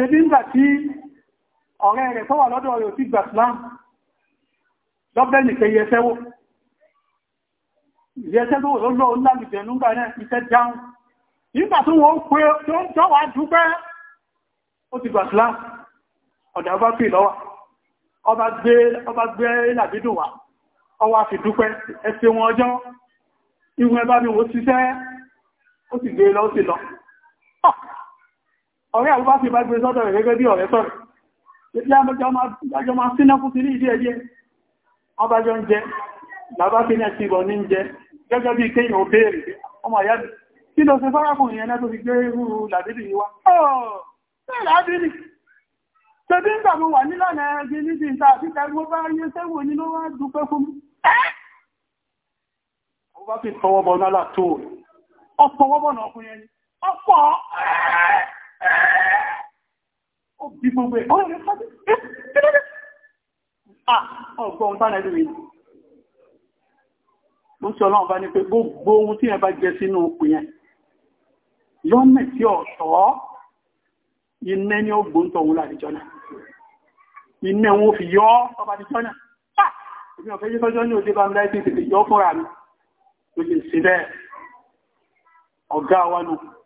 tẹbí ń gbà tí ọ̀rẹ́ rẹ̀ tọ́wà lọ́dọ̀ rẹ̀ sí gbàslam lọ́bẹ̀ nìkẹ́ yẹsẹ́wó yẹsẹ́wó lọ́lọ́ onílàlùjẹ̀ nígbà náà iṣẹ́ dáhùn nígbà tó wọ́n pé tó ń tọ́wà dúpẹ́ ó ti gbàslam ọ̀dà ọba pè lọ́wà ọba gbé ọba gbé làbídùn wá ọwá fi dúpẹ́ ẹsẹ̀ wọn ọjọ́ ìwọ̀n ẹbá mi wò ṣiṣẹ́ ó sì gbé lọ sí lọ ọ̀rẹ́ àbúbá fi bá gbé sọ́dọ̀ rẹ̀ gẹ́gẹ́ bí ọ̀rẹ́ sọ́rọ̀ tí a mọ́jọ máa síná fún sí ní ilé ẹjẹ́ ọbájọ́ ń jẹ lábá fi ní ẹ̀sìn ìbọn ní jẹ gẹ́gẹ́ bí kéyìn ò béèrè ọmọ ìyá mi kí lọ sí fárákùnrin yẹn tó fi gbé irú làbídì yìí wá ọ̀ọ́ làbídì tẹbí ń gbàmù wà nílànà ẹgbẹ́ níbi ìta àfíkà mo bá yẹ sẹ́wọ̀n ní ló wá dúpẹ́ fún mi ó bá fi tọwọ́ bọ̀ náà tó ọ̀pọ̀ wọ́bọ̀ náà ọkùnrin ẹni ọ̀pọ̀ ẹ̀ẹ́ ó bí gbogbo ẹ̀ ọ́n rẹ̀ fàájú ọgbọ́n ohun tánà ìlú ìlú mo ń sọ ọlọ́run bá ní pé gbogbo ohun tí ẹ bá jẹ sínú òkú yẹn lọ́mẹ̀ tí ọ̀ṣọ́ iná ní ó gbóǹtọ̀ òun láàríjọ́ náà iná wọn fi yọ́ ọba àríjọ́ náà èmi ọ̀fẹ́ yíkọ́jọ́ ní òdé bá ń yọ́ fúnra mi ló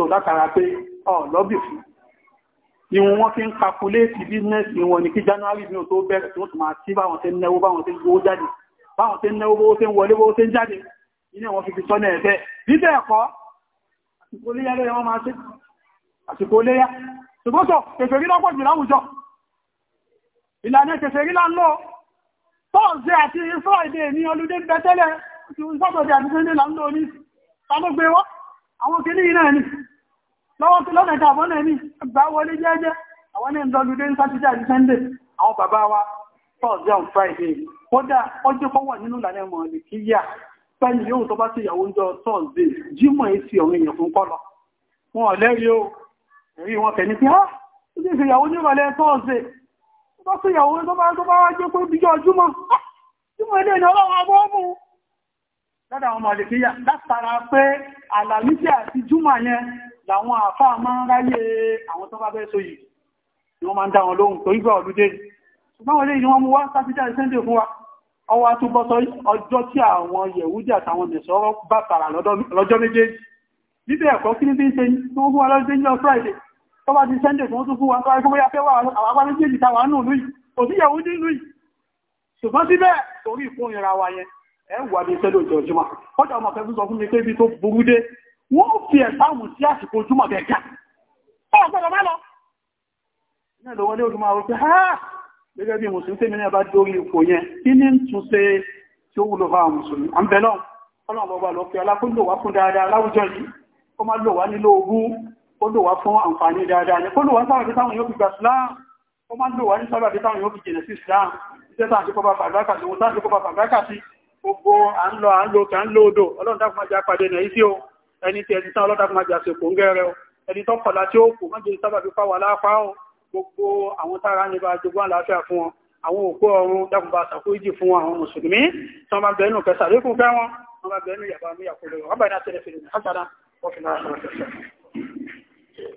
so látara pé ọ̀lọ́bì fún ìwọ̀n wọn fi ń kakuléètì bíznẹ́sì wọn ni kí january ní o tó bẹ̀rẹ̀ tí wọ́n tún máa sí báwọn tẹ́ náwó báwọn tẹ́ gbówó jáde báwọn tẹ́ náwó bówó tẹ́ wọlé bówó tẹ́ jáde ilé wọn fi fi sọ́nà ẹ̀fẹ́ bí bẹ́ẹ̀ kọ́ àsìkò léyà lẹ́yà wọ́n máa ṣe àsìkò léyà ṣùgbọ́n tó kèfèrí lọ́pọ̀ jù láwùjọ ìlànà kèfèrí láńlọ tọ́ọ̀sẹ̀ àti friday ní olùdé bẹ́tẹ́lẹ̀ ti ń sọ́tọ̀dẹ̀ àti sunday láńlọ ní tàbí gbé wọ́n àwọn kìíní náà ni lọ́wọ́ kìlọ́mẹ́ta àbọ́nà ẹ̀mí gbà wọlé jẹ́jẹ́ àwọn ní ìdọ́lùdé ń sátidé àti sunday àwọn bàbá wa thursday and friday kódà ọjọ́ kọ́ wà nínú ìlànà ẹ̀mọ̀ ìkíyà pẹ́ni yóò tó bá sí ìyàwó ń jọ thursday jímọ̀ èsì ọ̀rọ̀ èèyàn fún kọ́lọ wọn ò lẹ́rí o rí wọn kẹ́ ní pé ah ilé ìfẹ́ ìyàwó ní ìrọ̀lẹ́ thursday tó bá sí ìyàwó tó bá wá jẹ́ pé bíjọ́ júmọ̀ ah, júmọ̀ ilé ìyàwó ọlọ́run abọ́ lọ́dà àwọn màlìkíyà látara pé àlàmísì àti júmà yẹn làwọn àfáà máa ń ráyè àwọn tó bá bẹ́ so yìí ni wọ́n máa ń dá wọn lóhùn torí gbà ọ̀lúdé ṣùgbọ́n wọlé ni wọ́n mú wá sátidá ìsẹ́ndì fún wa ọwọ́ atúbọ́sọ ọjọ́ tí àwọn yẹ̀wúdí àtàwọn nẹ̀sọ́rọ́ bá tààrà lọ́jọ́ méjèèjì bíbẹ̀ ẹ̀kọ́ kí ní bí ń ṣe tó fún wa lọ́jọ́ ní ọjọ́ Friday tó bá ti sẹ́ndẹ̀ fún tó fún wa tó wáyé wáyé fẹ́ wà àwọn méjèèjì táwà nù lùí kò sí yẹ̀wúdí lùí ṣùgbọ́n síbẹ̀ torí ìkóhìnra wa yẹn ẹwà ní sẹ́lẹ̀ òjò ojúmọ́ kọjá ọmọ kẹfún sọ fún mi pé ibi tó burú dé wọ́n fi ẹ̀sáwùn sí àsìkò ojúmọ̀ bẹ̀ẹ̀ká ọgbọ̀dọ̀ má lọ náà ha gẹ́gẹ́ bí mùsùlùmí tèmi náà bá dórí ipò yẹn kí ní tún ṣe tí ó wúlò fáwọn mùsùlùmí à ń bẹ náà ọlọ́run bọ́ba lọ fi alákòlò wá fún dáadáa láwùjọ yìí ó máa lò wá nílò ogún ó lò wá fún àǹfààní dáadáa ni kó lò wá sábàbí táwọn yóò gbogbo à ń lọ odò ọlọ́run pàdé nà ìsí o ẹni tí ẹni tán ọlọ́run dákùnmájá ṣe ń gẹ́rẹ́ o ẹni tó kọ̀lá tí ó kù mọ́jẹ́ sábà fi fáwà o gbogbo àwọn tára ní bá jogún àlàáfíà fún àwọn òkú ọrùn dákùnbà sàkójì fún àwọn mùsùlùmí